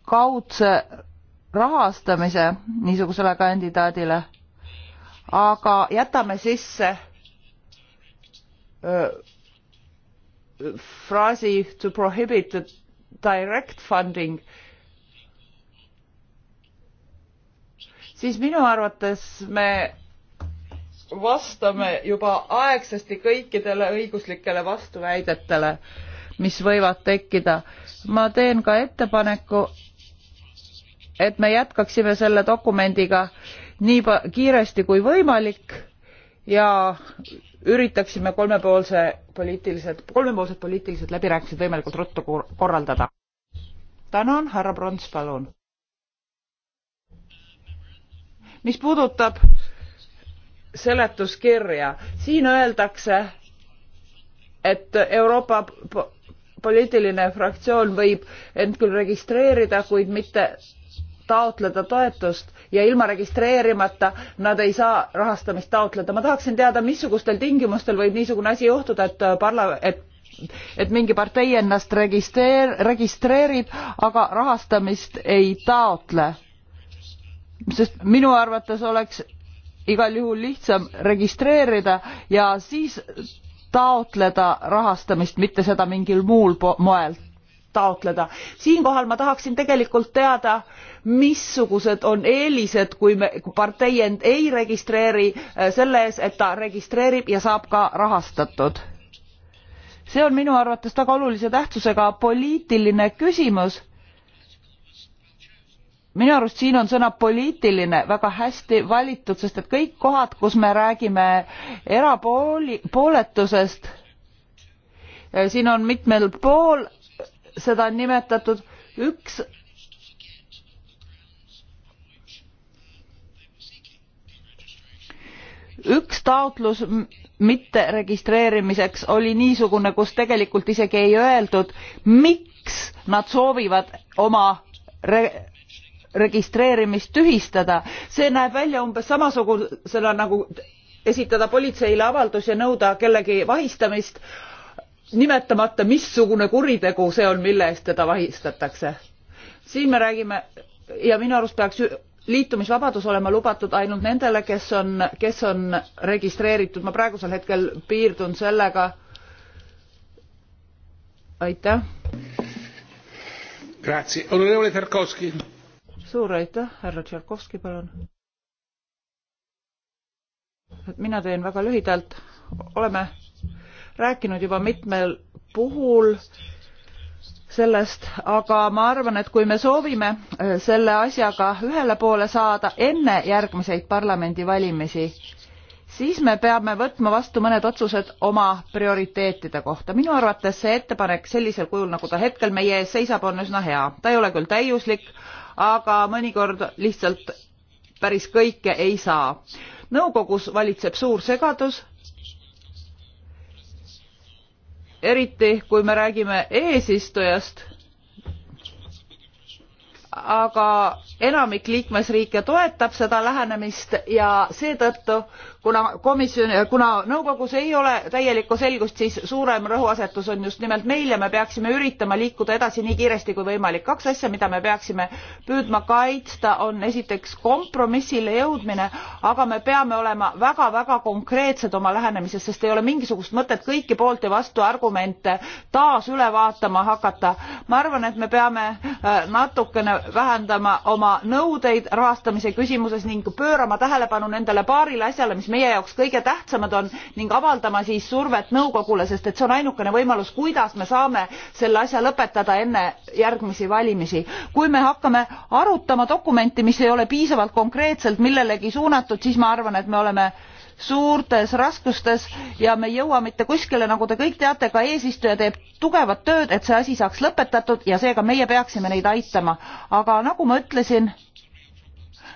kaudse rahastamise niisugusele kandidaadile, aga jätame sisse öö, fraasi to prohibit the direct funding, siis minu arvates me vastame juba aegsasti kõikidele õiguslikele vastuväidetele, mis võivad tekkida. ma teen ka ettepaneku, et me jätkaksime selle dokumendiga nii kiiresti kui võimalik ja üritaksime kolmepoolse poliitilised, kolmepoolsed poliitilised läbirääkimised võimalikult ruttu korraldada. tänan, härra Prants, palun. mis puudutab seletuskirja. siin öeldakse, et Euroopa poliitiline fraktsioon võib end küll registreerida, kuid mitte taotleda toetust ja ilma registreerimata nad ei saa rahastamist taotleda. ma tahaksin teada, missugustel tingimustel võib niisugune asi juhtuda, et parla-, et et mingi partei ennast registreer-, registreerib, aga rahastamist ei taotle. sest minu arvates oleks igal juhul lihtsam registreerida ja siis taotleda rahastamist, mitte seda mingil muul moel taotleda. siinkohal ma tahaksin tegelikult teada, missugused on eelised, kui me, kui partei end ei registreeri äh, selle ees, et ta registreerib ja saab ka rahastatud. see on minu arvates väga olulise tähtsusega poliitiline küsimus minu arust siin on sõna poliitiline väga hästi valitud, sest et kõik kohad, kus me räägime erapooli, pooletusest, eh, siin on mitmel pool seda nimetatud, üks üks taotlus mitte registreerimiseks oli niisugune, kus tegelikult isegi ei öeldud, miks nad soovivad oma re registreerimist tühistada see näeb välja umbes samasugusena nagu esitada politseile avaldus ja nõuda kellegi vahistamist nimetamata missugune kuritegu see on mille eest teda vahistatakse siin me räägime ja minu arust peaks liitumisvabadus olema lubatud ainult nendele kes on kes on registreeritud ma praegusel hetkel piirdun sellega aitäh Grazie. Onorevole Tarkovski suur aitäh, härra Tšerkovski, palun. et mina teen väga lühidalt, oleme rääkinud juba mitmel puhul sellest, aga ma arvan, et kui me soovime äh, selle asjaga ühele poole saada enne järgmiseid parlamendivalimisi, siis me peame võtma vastu mõned otsused oma prioriteetide kohta. minu arvates see ettepanek sellisel kujul, nagu ta hetkel meie ees seisab, on üsna hea. ta ei ole küll täiuslik, aga mõnikord lihtsalt päris kõike ei saa. nõukogus valitseb suur segadus, eriti kui me räägime eesistujast, aga enamik liikmesriike toetab seda lähenemist ja seetõttu kuna komisjon, äh, kuna nõukogus ei ole täielikku selgust, siis suurem rõhuasetus on just nimelt meil ja me peaksime üritama liikuda edasi nii kiiresti kui võimalik. kaks asja, mida me peaksime püüdma kaitsta, on esiteks kompromissile jõudmine, aga me peame olema väga-väga konkreetsed oma lähenemises, sest ei ole mingisugust mõtet kõiki poolt ja vastu argumente taas üle vaatama hakata. ma arvan, et me peame äh, natukene vähendama oma nõudeid rahastamise küsimuses ning pöörama tähelepanu nendele paarile asjale, mis meie jaoks kõige tähtsamad on ning avaldama siis survet nõukogule sest et see on ainukene võimalus kuidas me saame selle asja lõpetada enne järgmisi valimisi. kui me hakkame arutama dokumenti mis ei ole piisavalt konkreetselt millelegi suunatud siis ma arvan et me oleme suurtes raskustes ja me ei jõua mitte kuskile nagu te kõik teate ka eesistuja teeb tugevat tööd et see asi saaks lõpetatud ja seega meie peaksime neid aitama aga nagu ma ütlesin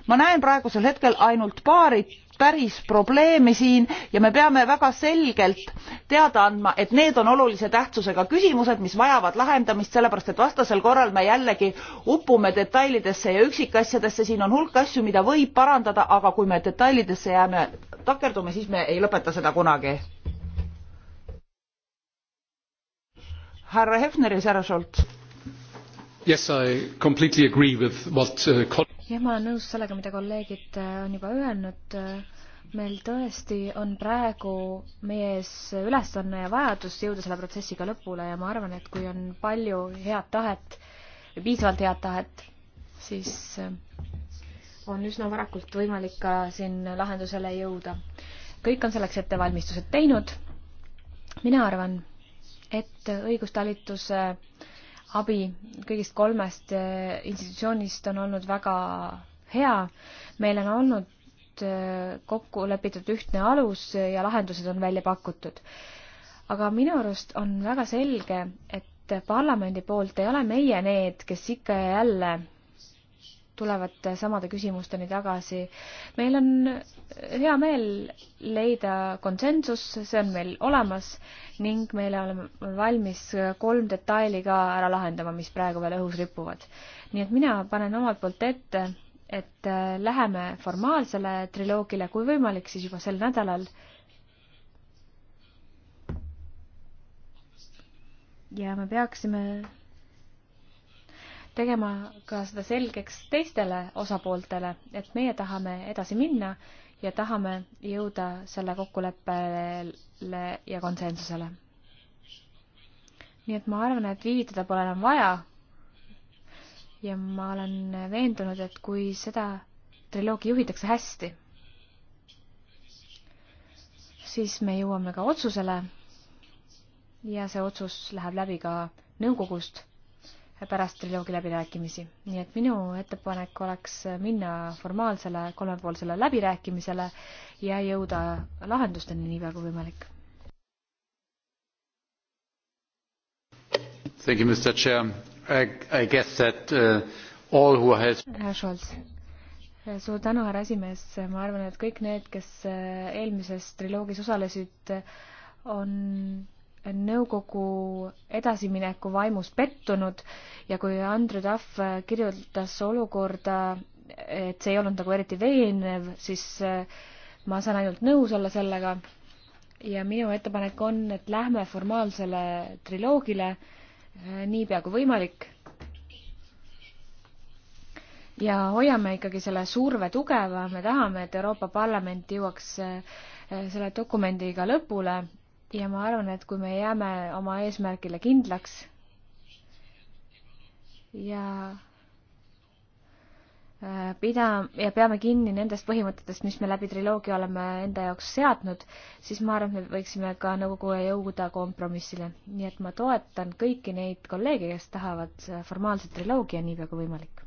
ma näen praegusel hetkel ainult paari päris probleemi siin ja me peame väga selgelt teada andma et need on olulise tähtsusega küsimused mis vajavad lahendamist sellepärast et vastasel korral me jällegi upume detailidesse ja üksikasjadesse siin on hulk asju mida võib parandada aga kui me detailidesse jääme takerdume siis me ei lõpeta seda kunagi härra Hefner ja härra Scholz Yes, I completely agree with what uh, jah, ma olen nõus sellega, mida kolleegid äh, on juba öelnud. Äh, meil tõesti on praegu meie ees ülesanne ja vajadus jõuda selle protsessiga lõpule ja ma arvan, et kui on palju head tahet, piisavalt head tahet, siis äh, on üsna varakult võimalik ka siin lahendusele jõuda. kõik on selleks ettevalmistused teinud. mina arvan, et õigustalituse äh, abi kõigist kolmest äh, institutsioonist on olnud väga hea. meil on olnud äh, kokku lepitud ühtne alus ja lahendused on välja pakutud. aga minu arust on väga selge, et parlamendi poolt ei ole meie need, kes ikka ja jälle tulevad samade küsimusteni tagasi. meil on hea meel leida konsensus, see on meil olemas ning me oleme valmis kolm detaili ka ära lahendama, mis praegu veel õhus ripuvad. nii et mina panen omalt poolt ette, et läheme formaalsele triloogile, kui võimalik, siis juba sel nädalal. ja me peaksime tegema ka seda selgeks teistele osapooltele, et meie tahame edasi minna ja tahame jõuda selle kokkuleppele ja konsensusele. nii et ma arvan, et viivitada pole enam vaja. ja ma olen veendunud, et kui seda triloogi juhitakse hästi, siis me jõuame ka otsusele ja see otsus läheb läbi ka nõukogust pärast triloogi läbirääkimisi. nii et minu ettepanek oleks minna formaalsele kolmepoolsele läbirääkimisele ja jõuda lahendusteni niipea kui võimalik. Thank you, Mr Chair. I, I guess that uh, all who has härra Scholz. suur tänu, härra esimees. ma arvan, et kõik need, kes uh, eelmises triloogis osalesid, uh, on nõukogu edasimineku vaimus pettunud ja kui Andrew Duff kirjeldas olukorda, et see ei olnud nagu eriti veenev, siis eh, ma saan ainult nõus olla sellega. ja minu ettepanek on, et lähme formaalsele triloogile eh, niipea kui võimalik. ja hoiame ikkagi selle surve tugeva, me tahame, et Euroopa Parlament jõuaks eh, selle dokumendiga lõpule ja ma arvan, et kui me jääme oma eesmärgile kindlaks ja äh, pida- ja peame kinni nendest põhimõtetest, mis me läbi triloogia oleme enda jaoks seadnud, siis ma arvan, et me võiksime ka nõukoguga jõuda kompromissile. nii et ma toetan kõiki neid kolleege, kes tahavad äh, formaalset triloogia niipea kui võimalik.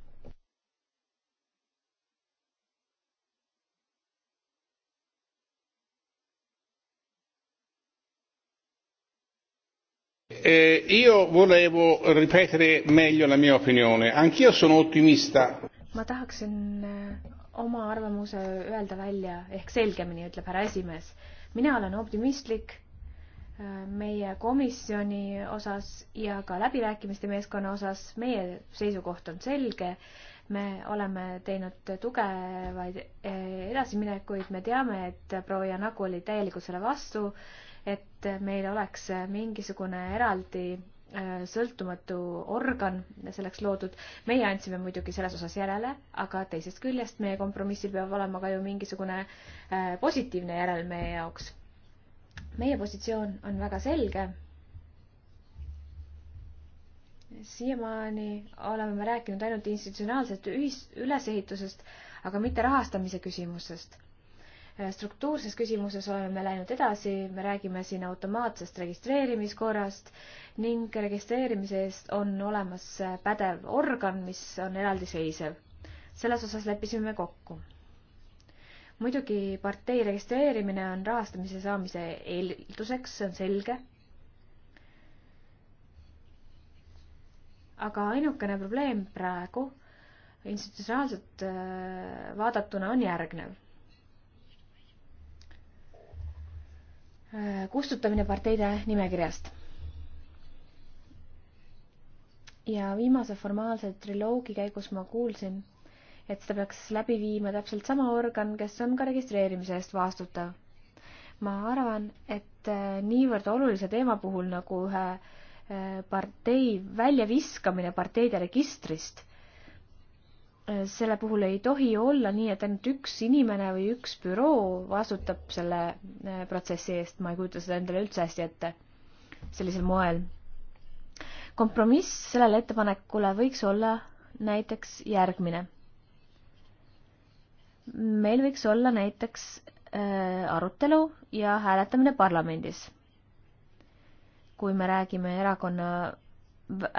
eh, io volevo ripetere meglio la mia opinione. Anch'io sono ottimista. ma tahaksin eh, oma arvamuse öelda välja ehk selgemini, ütleb härra esimees. mina olen optimistlik eh, meie komisjoni osas ja ka läbirääkimiste meeskonna osas. meie seisukoht on selge. me oleme teinud tugevaid eh, edasiminekuid, me teame, et proua Janaku oli täielikult selle vastu et meil oleks mingisugune eraldi äh, sõltumatu organ selleks loodud. meie andsime muidugi selles osas järele, aga teisest küljest meie kompromissil peab olema ka ju mingisugune äh, positiivne järel meie jaoks. meie positsioon on väga selge. siiamaani oleme me rääkinud ainult institutsionaalsest ühis, ülesehitusest, aga mitte rahastamise küsimusest struktuurses küsimuses oleme me läinud edasi, me räägime siin automaatsest registreerimiskorrast ning registreerimise eest on olemas pädev organ, mis on eraldiseisev. selles osas leppisime kokku. muidugi partei registreerimine on rahastamise saamise eelduseks, see on selge. aga ainukene probleem praegu institutsionaalselt äh, vaadatuna on järgnev kustutamine parteide nimekirjast. ja viimase formaalse triloogi käigus ma kuulsin, et seda peaks läbi viima täpselt sama organ, kes on ka registreerimise eest vastutav. ma arvan, et äh, niivõrd olulise teema puhul nagu ühe äh, äh, partei väljaviskamine parteide registrist selle puhul ei tohi olla nii, et ainult üks inimene või üks büroo vastutab selle äh, protsessi eest, ma ei kujuta seda endale üldse hästi ette sellisel moel. kompromiss sellele ettepanekule võiks olla näiteks järgmine. meil võiks olla näiteks äh, arutelu ja hääletamine parlamendis. kui me räägime erakonna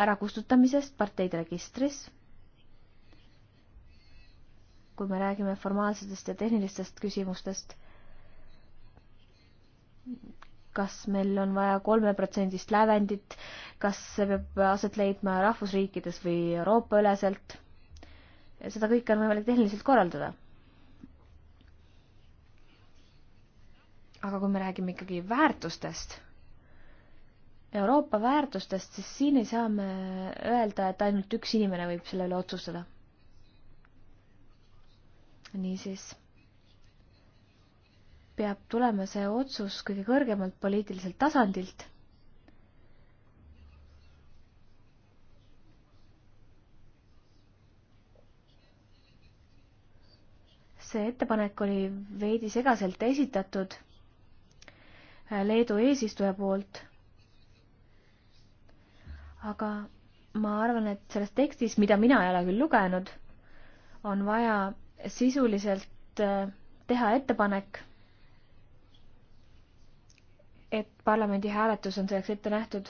ärakustutamisest parteid registris kui me räägime formaalsetest ja tehnilistest küsimustest. kas meil on vaja kolmeprotsendist lävendit, kas see peab aset leidma rahvusriikides või Euroopa üleselt? seda kõike on võimalik tehniliselt korraldada. aga kui me räägime ikkagi väärtustest Euroopa väärtustest, siis siin ei saa me öelda, et ainult üks inimene võib selle üle otsustada niisiis peab tulema see otsus kõige kõrgemalt poliitiliselt tasandilt. see ettepanek oli veidi segaselt esitatud Leedu eesistuja poolt. aga ma arvan, et selles tekstis, mida mina ei ole küll lugenud, on vaja sisuliselt äh, teha ettepanek, et parlamendi hääletus on selleks ette nähtud.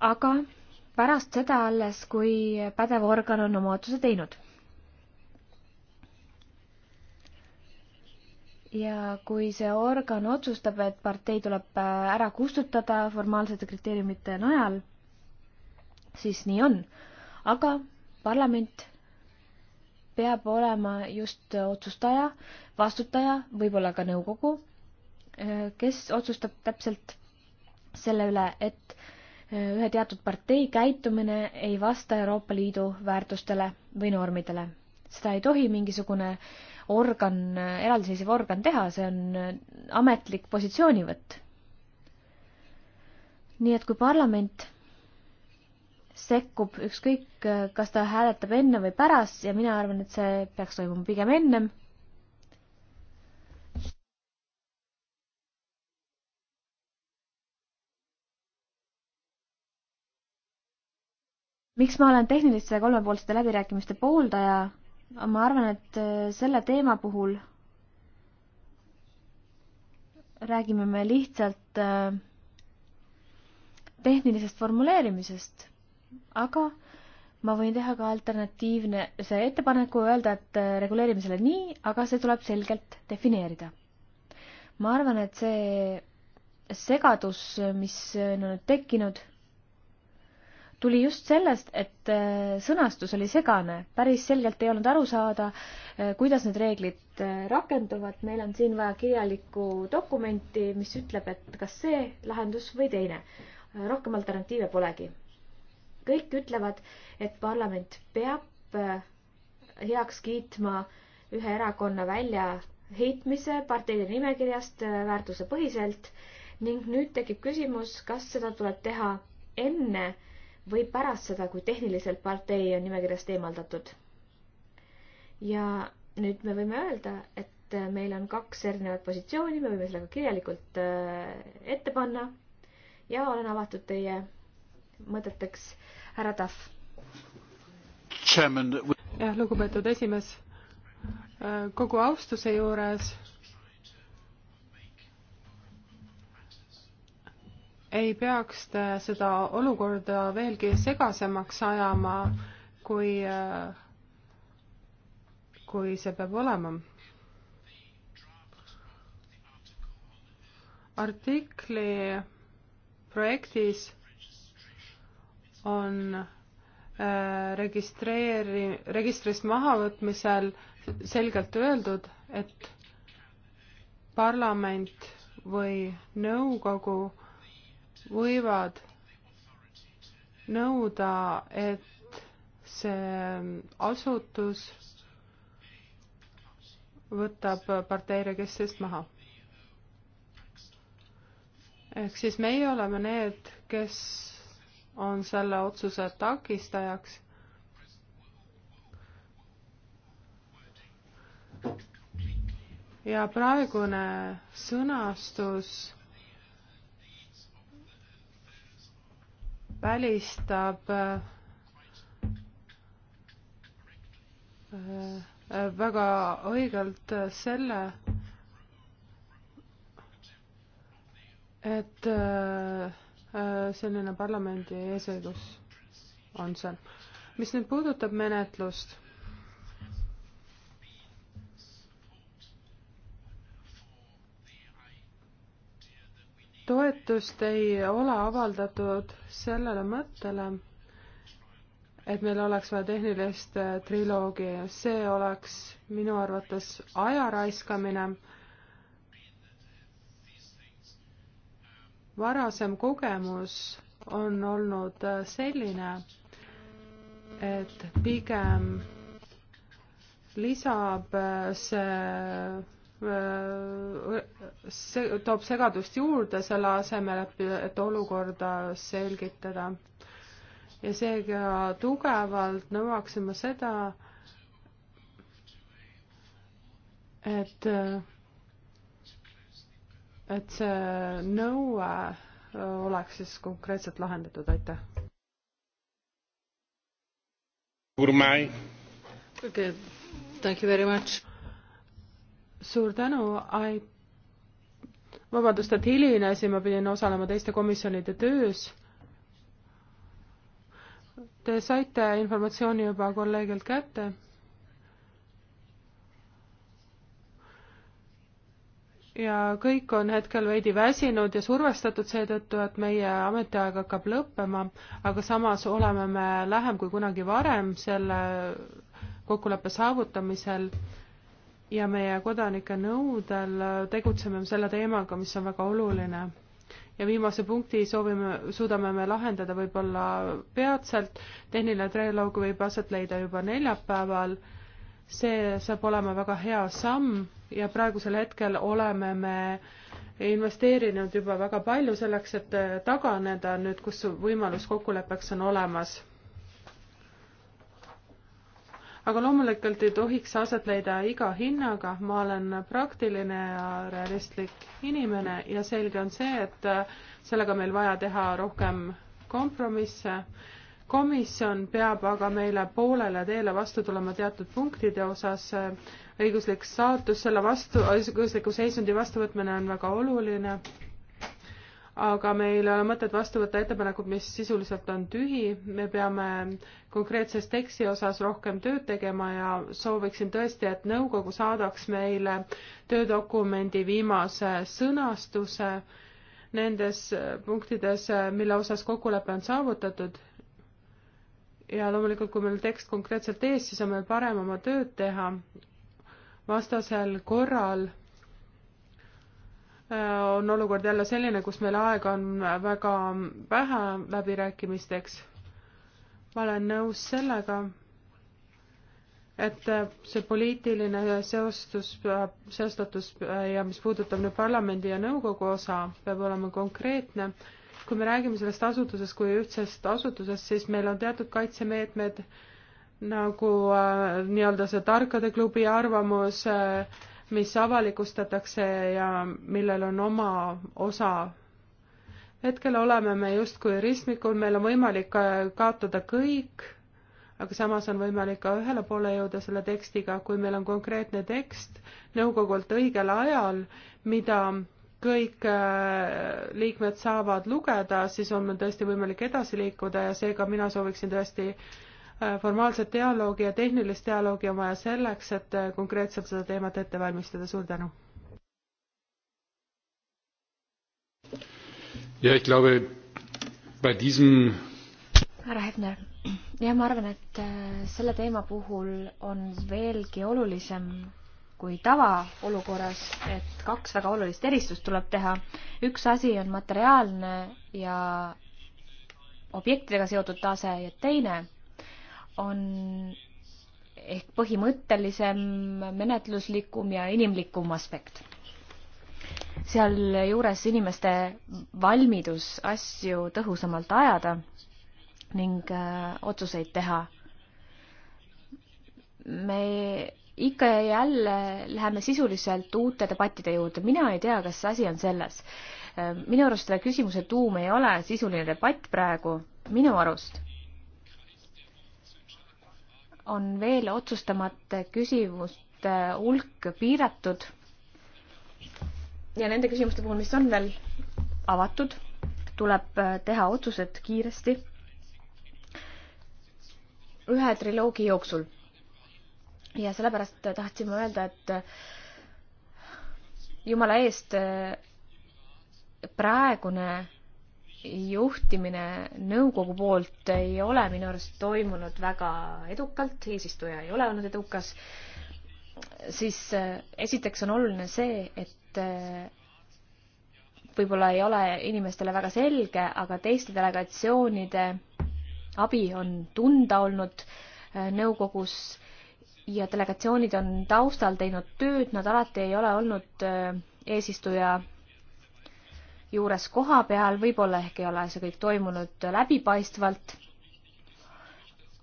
aga pärast seda alles, kui pädev organ on oma otsuse teinud. ja kui see organ otsustab, et partei tuleb äh, ära kustutada formaalsete kriteeriumite najal, siis nii on. aga parlament peab olema just otsustaja, vastutaja, võib-olla ka nõukogu, kes otsustab täpselt selle üle, et eh, ühe teatud partei käitumine ei vasta Euroopa Liidu väärtustele või normidele. seda ei tohi mingisugune organ, eraldiseisev organ teha, see on eh, ametlik positsioonivõtt. nii et kui parlament sekkub, ükskõik, kas ta hääletab enne või pärast ja mina arvan, et see peaks toimuma pigem ennem. miks ma olen tehniliste kolmepoolsete läbirääkimiste pooldaja? ma arvan, et äh, selle teema puhul räägime me lihtsalt äh, tehnilisest formuleerimisest aga ma võin teha ka alternatiivne see ettepaneku öelda, et äh, reguleerime selle nii, aga see tuleb selgelt defineerida. ma arvan, et see segadus, mis on nüüd tekkinud, tuli just sellest, et äh, sõnastus oli segane, päris selgelt ei olnud aru saada, äh, kuidas need reeglid rakenduvad, meil on siin vaja kirjalikku dokumenti, mis ütleb, et kas see lahendus või teine. rohkem alternatiive polegi kõik ütlevad, et parlament peab äh, heaks kiitma ühe erakonna väljaheitmise parteide nimekirjast äh, väärtusepõhiselt ning nüüd tekib küsimus, kas seda tuleb teha enne või pärast seda, kui tehniliselt partei on nimekirjast eemaldatud. ja nüüd me võime öelda, et äh, meil on kaks erinevat positsiooni, me võime selle ka kirjalikult ette panna ja olen avatud teie mõteteks. härra Tahv. jah, lugupeetud esimees, äh, kogu austuse juures ei peaks te seda olukorda veelgi segasemaks ajama, kui, äh, kui see peab olema. artikli projektis on äh, registreeri-, registrist mahavõtmisel selgelt öeldud, et parlament või nõukogu võivad nõuda, et see asutus võtab partei registrist maha. ehk siis meie oleme need, kes on selle otsuse takistajaks. ja praegune sõnastus välistab äh, äh, väga õigelt selle, et äh, Äh, selline parlamendi eesõigus on see. mis nüüd puudutab menetlust, toetust ei ole avaldatud sellele mõttele, et meil oleks vaja tehnilist triloogi, see oleks minu arvates aja raiskamine varasem kogemus on olnud selline, et pigem lisab see see toob segadust juurde selle asemel, et, et olukorda selgitada. ja seega tugevalt nõuaksime seda, et äh, et see nõue äh, oleks siis konkreetselt lahendatud, aitäh. Urmai. okei okay., thank you very much. suur tänu, ai-, vabandust, et hilinesin, ma pidin osalema teiste komisjonide töös. Te saite informatsiooni juba kolleegilt kätte ja kõik on hetkel veidi väsinud ja survestatud seetõttu, et meie ametiaeg hakkab lõppema, aga samas oleme me lähem kui kunagi varem selle kokkuleppe saavutamisel ja meie kodanike nõudel tegutseme selle teemaga, mis on väga oluline. ja viimase punkti soovime, suudame me lahendada võib-olla peatselt, tehniline triloog võib aset leida juba neljapäeval see saab olema väga hea samm ja praegusel hetkel oleme me investeerinud juba väga palju selleks, et taganeda nüüd, kus võimalus kokkuleppeks on olemas. aga loomulikult ei tohiks aset leida iga hinnaga, ma olen praktiline ja realistlik inimene ja selge on see, et sellega on meil vaja teha rohkem kompromisse komisjon peab aga meile poolele teele vastu tulema teatud punktide osas, õiguslik saatus, selle vastu, õigusliku seisundi vastuvõtmine on väga oluline, aga meil ei ole mõtet vastu võtta ettepanekut, mis sisuliselt on tühi, me peame konkreetses teksti osas rohkem tööd tegema ja sooviksin tõesti, et nõukogu saadaks meile töödokumendi viimase sõnastuse nendes punktides, mille osas kokkulepe on saavutatud ja loomulikult, kui meil tekst konkreetselt ees, siis on meil parem oma tööd teha. vastasel korral äh, on olukord jälle selline, kus meil aega on väga vähe läbirääkimisteks. ma olen nõus sellega, et äh, see poliitiline seostus, äh, seostatus ja mis puudutab nüüd parlamendi ja nõukogu osa, peab olema konkreetne kui me räägime sellest asutusest kui ühtsest asutusest, siis meil on teatud kaitsemeetmed nagu äh, nii-öelda see tarkade klubi arvamus äh,, mis avalikustatakse ja millel on oma osa. hetkel oleme me justkui ristmikul, meil on võimalik äh, kaotada kõik, aga samas on võimalik ka ühele poole jõuda selle tekstiga, kui meil on konkreetne tekst nõukogult õigel ajal, mida kõik äh, liikmed saavad lugeda, siis on meil tõesti võimalik edasi liikuda ja seega mina sooviksin tõesti äh, formaalset dialoogi ja tehnilist dialoogi on vaja selleks, et äh, konkreetselt seda teemat ette valmistada. suur tänu. ja ich glaube bei diesem härra Hefner, jah, ma arvan, et selle teema puhul on veelgi olulisem kui tavaolukorras, et kaks väga olulist eristust tuleb teha. üks asi on materiaalne ja objektidega seotud tase ja teine on ehk põhimõttelisem, menetluslikum ja inimlikum aspekt. sealjuures inimeste valmidus asju tõhusamalt ajada ning öö, äh, otsuseid teha. me ikka ja jälle läheme sisuliselt uute debattide juurde, mina ei tea, kas asi on selles. Äh, minu arust selle küsimuse tuum ei ole sisuline debatt praegu, minu arust on veel otsustamata küsimuste hulk piiratud ja nende küsimuste puhul, mis on veel avatud, tuleb äh, teha otsused kiiresti ühe triloogi jooksul ja sellepärast tahtsin ma öelda, et jumala eest, äh, praegune juhtimine nõukogu poolt ei ole minu arust toimunud väga edukalt, eesistuja ei ole olnud edukas, siis äh, esiteks on oluline see, et äh, võib-olla ei ole inimestele väga selge, aga teiste delegatsioonide abi on tunda olnud nõukogus ja delegatsioonid on taustal teinud tööd, nad alati ei ole olnud äh, eesistuja juures koha peal, võib-olla ehk ei ole see kõik toimunud läbipaistvalt,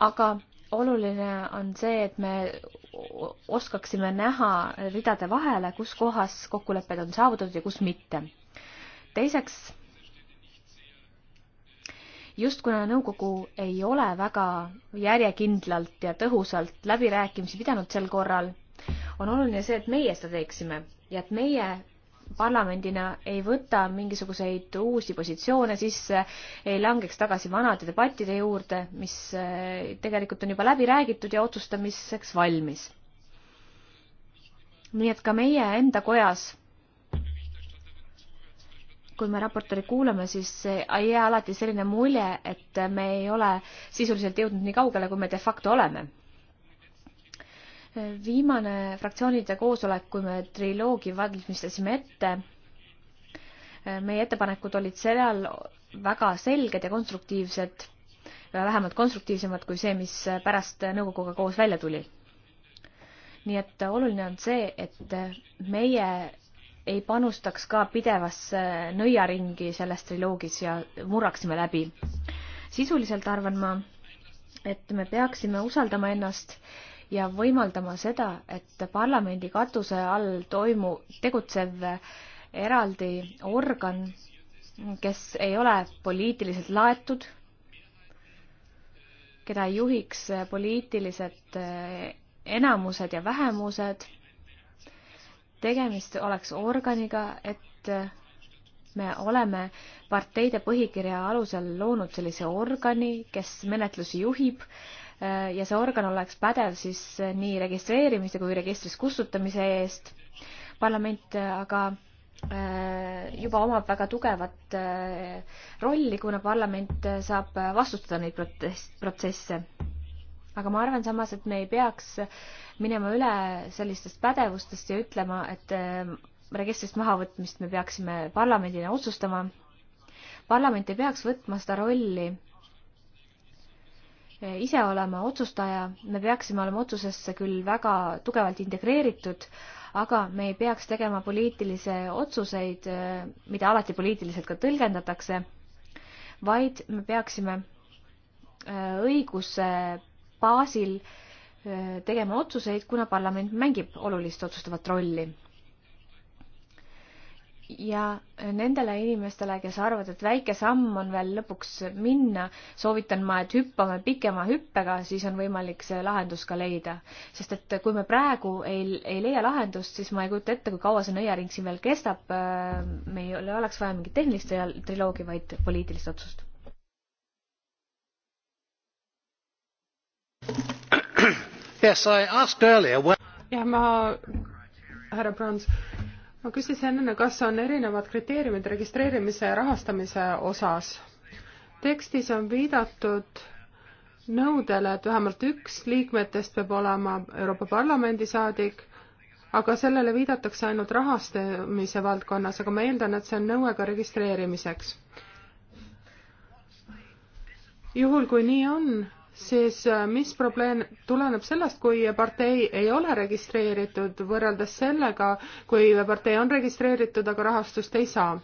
aga oluline on see, et me oskaksime näha ridade vahele, kus kohas kokkulepped on saavutatud ja kus mitte. teiseks justkui nõukogu ei ole väga järjekindlalt ja tõhusalt läbirääkimisi pidanud sel korral, on oluline see, et meie seda teeksime ja et meie parlamendina ei võta mingisuguseid uusi positsioone sisse, ei langeks tagasi vanade debattide juurde, mis äh, tegelikult on juba läbi räägitud ja otsustamiseks valmis. nii et ka meie enda kojas kui me raportööri kuulame, siis ei jää alati selline mulje, et me ei ole sisuliselt jõudnud nii kaugele, kui me de facto oleme. viimane fraktsioonide koosolek, kui me triloogi valmistasime ette, meie ettepanekud olid seal väga selged ja konstruktiivsed, vähemalt konstruktiivsemad kui see, mis pärast nõukoguga koos välja tuli nii et oluline on see, et meie ei panustaks ka pidevasse nõiaringi selles triloogis ja murraksime läbi. sisuliselt arvan ma, et me peaksime usaldama ennast ja võimaldama seda, et parlamendi katuse all toimu-, tegutsev eraldi organ, kes ei ole poliitiliselt laetud, keda ei juhiks poliitilised enamused ja vähemused tegemist oleks organiga, et me oleme parteide põhikirja alusel loonud sellise organi, kes menetlusi juhib ja see organ oleks pädev siis nii registreerimise kui registrist kustutamise eest. parlament aga äh, juba omab väga tugevat äh, rolli, kuna parlament saab vastustada neid protest-, protsesse aga ma arvan samas, et me ei peaks minema üle sellistest pädevustest ja ütlema, et ähm, registrist mahavõtmist me peaksime parlamendina otsustama. parlament ei peaks võtma seda rolli äh, ise olema otsustaja, me peaksime olema otsusesse küll väga tugevalt integreeritud, aga me ei peaks tegema poliitilisi otsuseid, äh, mida alati poliitiliselt ka tõlgendatakse, vaid me peaksime äh, õiguse baasil tegema otsuseid, kuna parlament mängib olulist otsustavat rolli. ja nendele inimestele, kes arvavad, et väike samm on veel lõpuks minna, soovitan ma, et hüppame pikema hüppega, siis on võimalik see lahendus ka leida. sest et kui me praegu ei, ei leia lahendust, siis ma ei kujuta ette, kui kaua see nõiaring siin veel kestab. meil oleks vaja mingit tehnilist triloogi, vaid poliitilist otsust Yes, I asked earlier where... jah, ma, härra Brons, ma küsisin enne, kas on erinevad kriteeriumid registreerimise ja rahastamise osas. tekstis on viidatud nõudele, et vähemalt üks liikmetest peab olema Euroopa Parlamendi saadik, aga sellele viidatakse ainult rahastamise valdkonnas, aga ma eeldan, et see on nõue ka registreerimiseks. juhul, kui nii on, siis äh, mis probleem tuleneb sellest, kui partei ei ole registreeritud võrreldes sellega, kui partei on registreeritud, aga rahastust ei saa?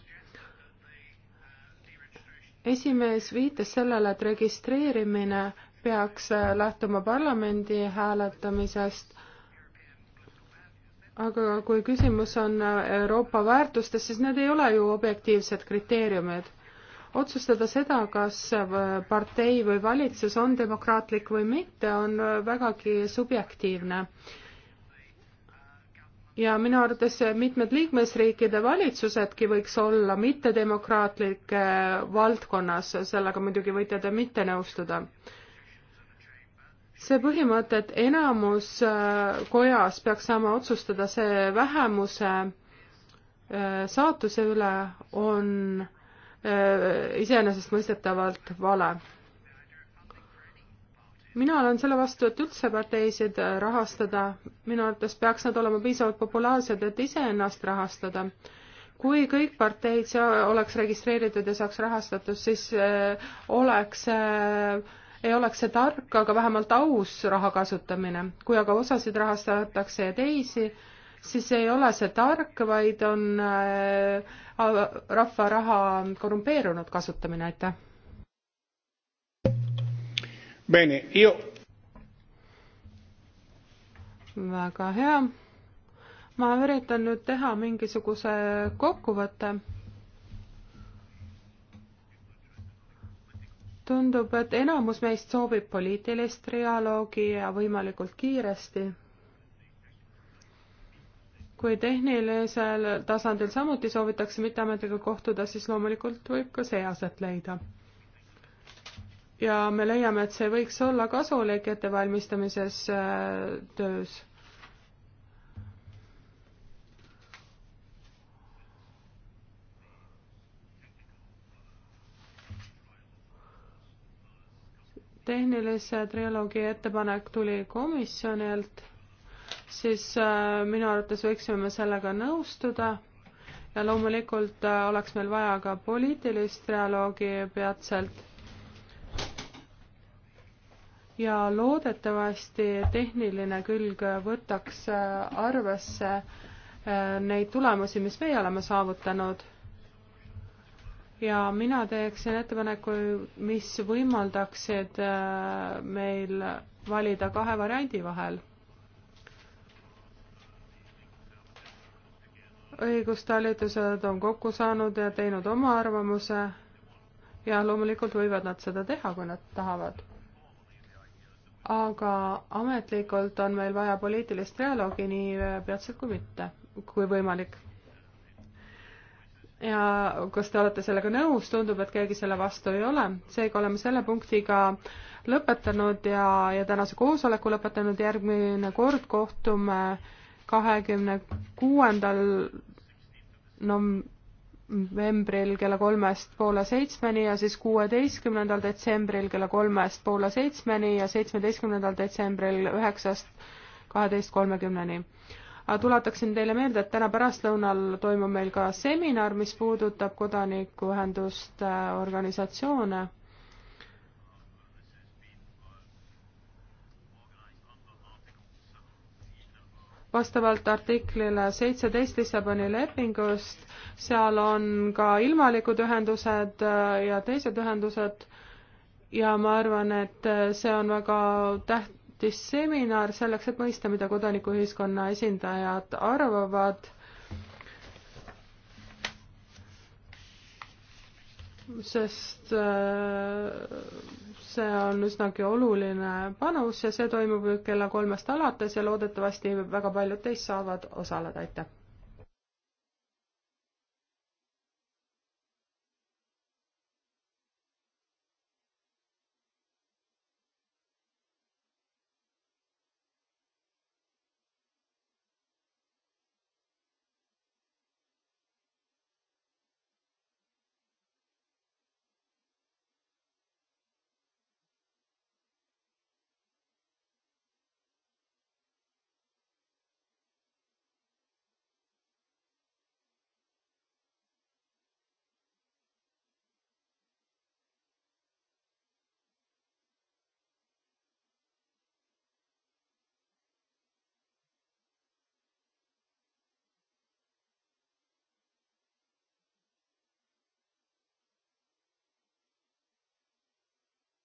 esimees viitas sellele, et registreerimine peaks äh, lähtuma parlamendi hääletamisest, aga kui küsimus on äh, Euroopa väärtustes, siis need ei ole ju objektiivsed kriteeriumid otsustada seda, kas partei või valitsus on demokraatlik või mitte, on vägagi subjektiivne. ja minu arvates mitmed liikmesriikide valitsusedki võiks olla mittedemokraatlike valdkonnas, sellega muidugi võite te mitte nõustuda see põhimõte, et enamus äh, kojas peaks saama otsustada see vähemuse äh, saatuse üle, on Äh, iseenesestmõistetavalt vale. mina olen selle vastu, et üldse parteisid rahastada, minu arvates peaks nad olema piisavalt populaarsed, et iseennast rahastada. kui kõik parteid oleks registreeritud ja saaks rahastatud, siis äh, oleks äh, ei oleks see tark, aga vähemalt aus raha kasutamine. kui aga osasid rahastatakse ja teisi, siis ei ole see tark, vaid on äh, rahva raha korrumpeerunud kasutamine, aitäh. Bene, io. väga hea. ma üritan nüüd teha mingisuguse kokkuvõtte. tundub, et enamus meist soovib poliitilist dialoogi ja võimalikult kiiresti kui tehnilisel tasandil samuti soovitakse mitteametiga kohtuda, siis loomulikult võib ka see aset leida. ja me leiame, et see võiks olla kasulik ettevalmistamises äh, töös. tehnilise triloogi ettepanek tuli komisjonilt siis äh, minu arvates võiksime me sellega nõustuda ja loomulikult äh, oleks meil vaja ka poliitilist dialoogi peatselt. ja loodetavasti tehniline külg võtaks äh, arvesse neid tulemusi, mis meie oleme saavutanud. ja mina teeksin ettepaneku, mis võimaldaksid meil valida kahe variandi vahel õigustalitused on kokku saanud ja teinud oma arvamuse ja loomulikult võivad nad seda teha, kui nad tahavad. aga ametlikult on meil vaja poliitilist dialoogi nii peatselt kui mitte, kui võimalik. ja kas te olete sellega nõus, tundub, et keegi selle vastu ei ole, seega oleme selle punktiga lõpetanud ja, ja tänase koosoleku lõpetanud, järgmine kord kohtume kahekümne kuuendal novembril kella kolmest poole seitsmeni ja siis kuueteistkümnendal detsembril kella kolmest poole seitsmeni ja seitsmeteistkümnendal detsembril üheksast kaheteist kolmekümneni. tuletaksin teile meelde, et täna pärastlõunal toimub meil ka seminar, mis puudutab kodanikuühenduste organisatsioone vastavalt artiklile seitseteist Lissaboni lepingust, seal on ka ilmalikud ühendused äh, ja teised ühendused ja ma arvan, et äh, see on väga tähtis seminar selleks, et mõista, mida kodanikuühiskonna esindajad arvavad. sest äh, see on üsnagi oluline panus ja see toimub kella kolmest alates ja loodetavasti väga paljud teist saavad osaleda, aitäh!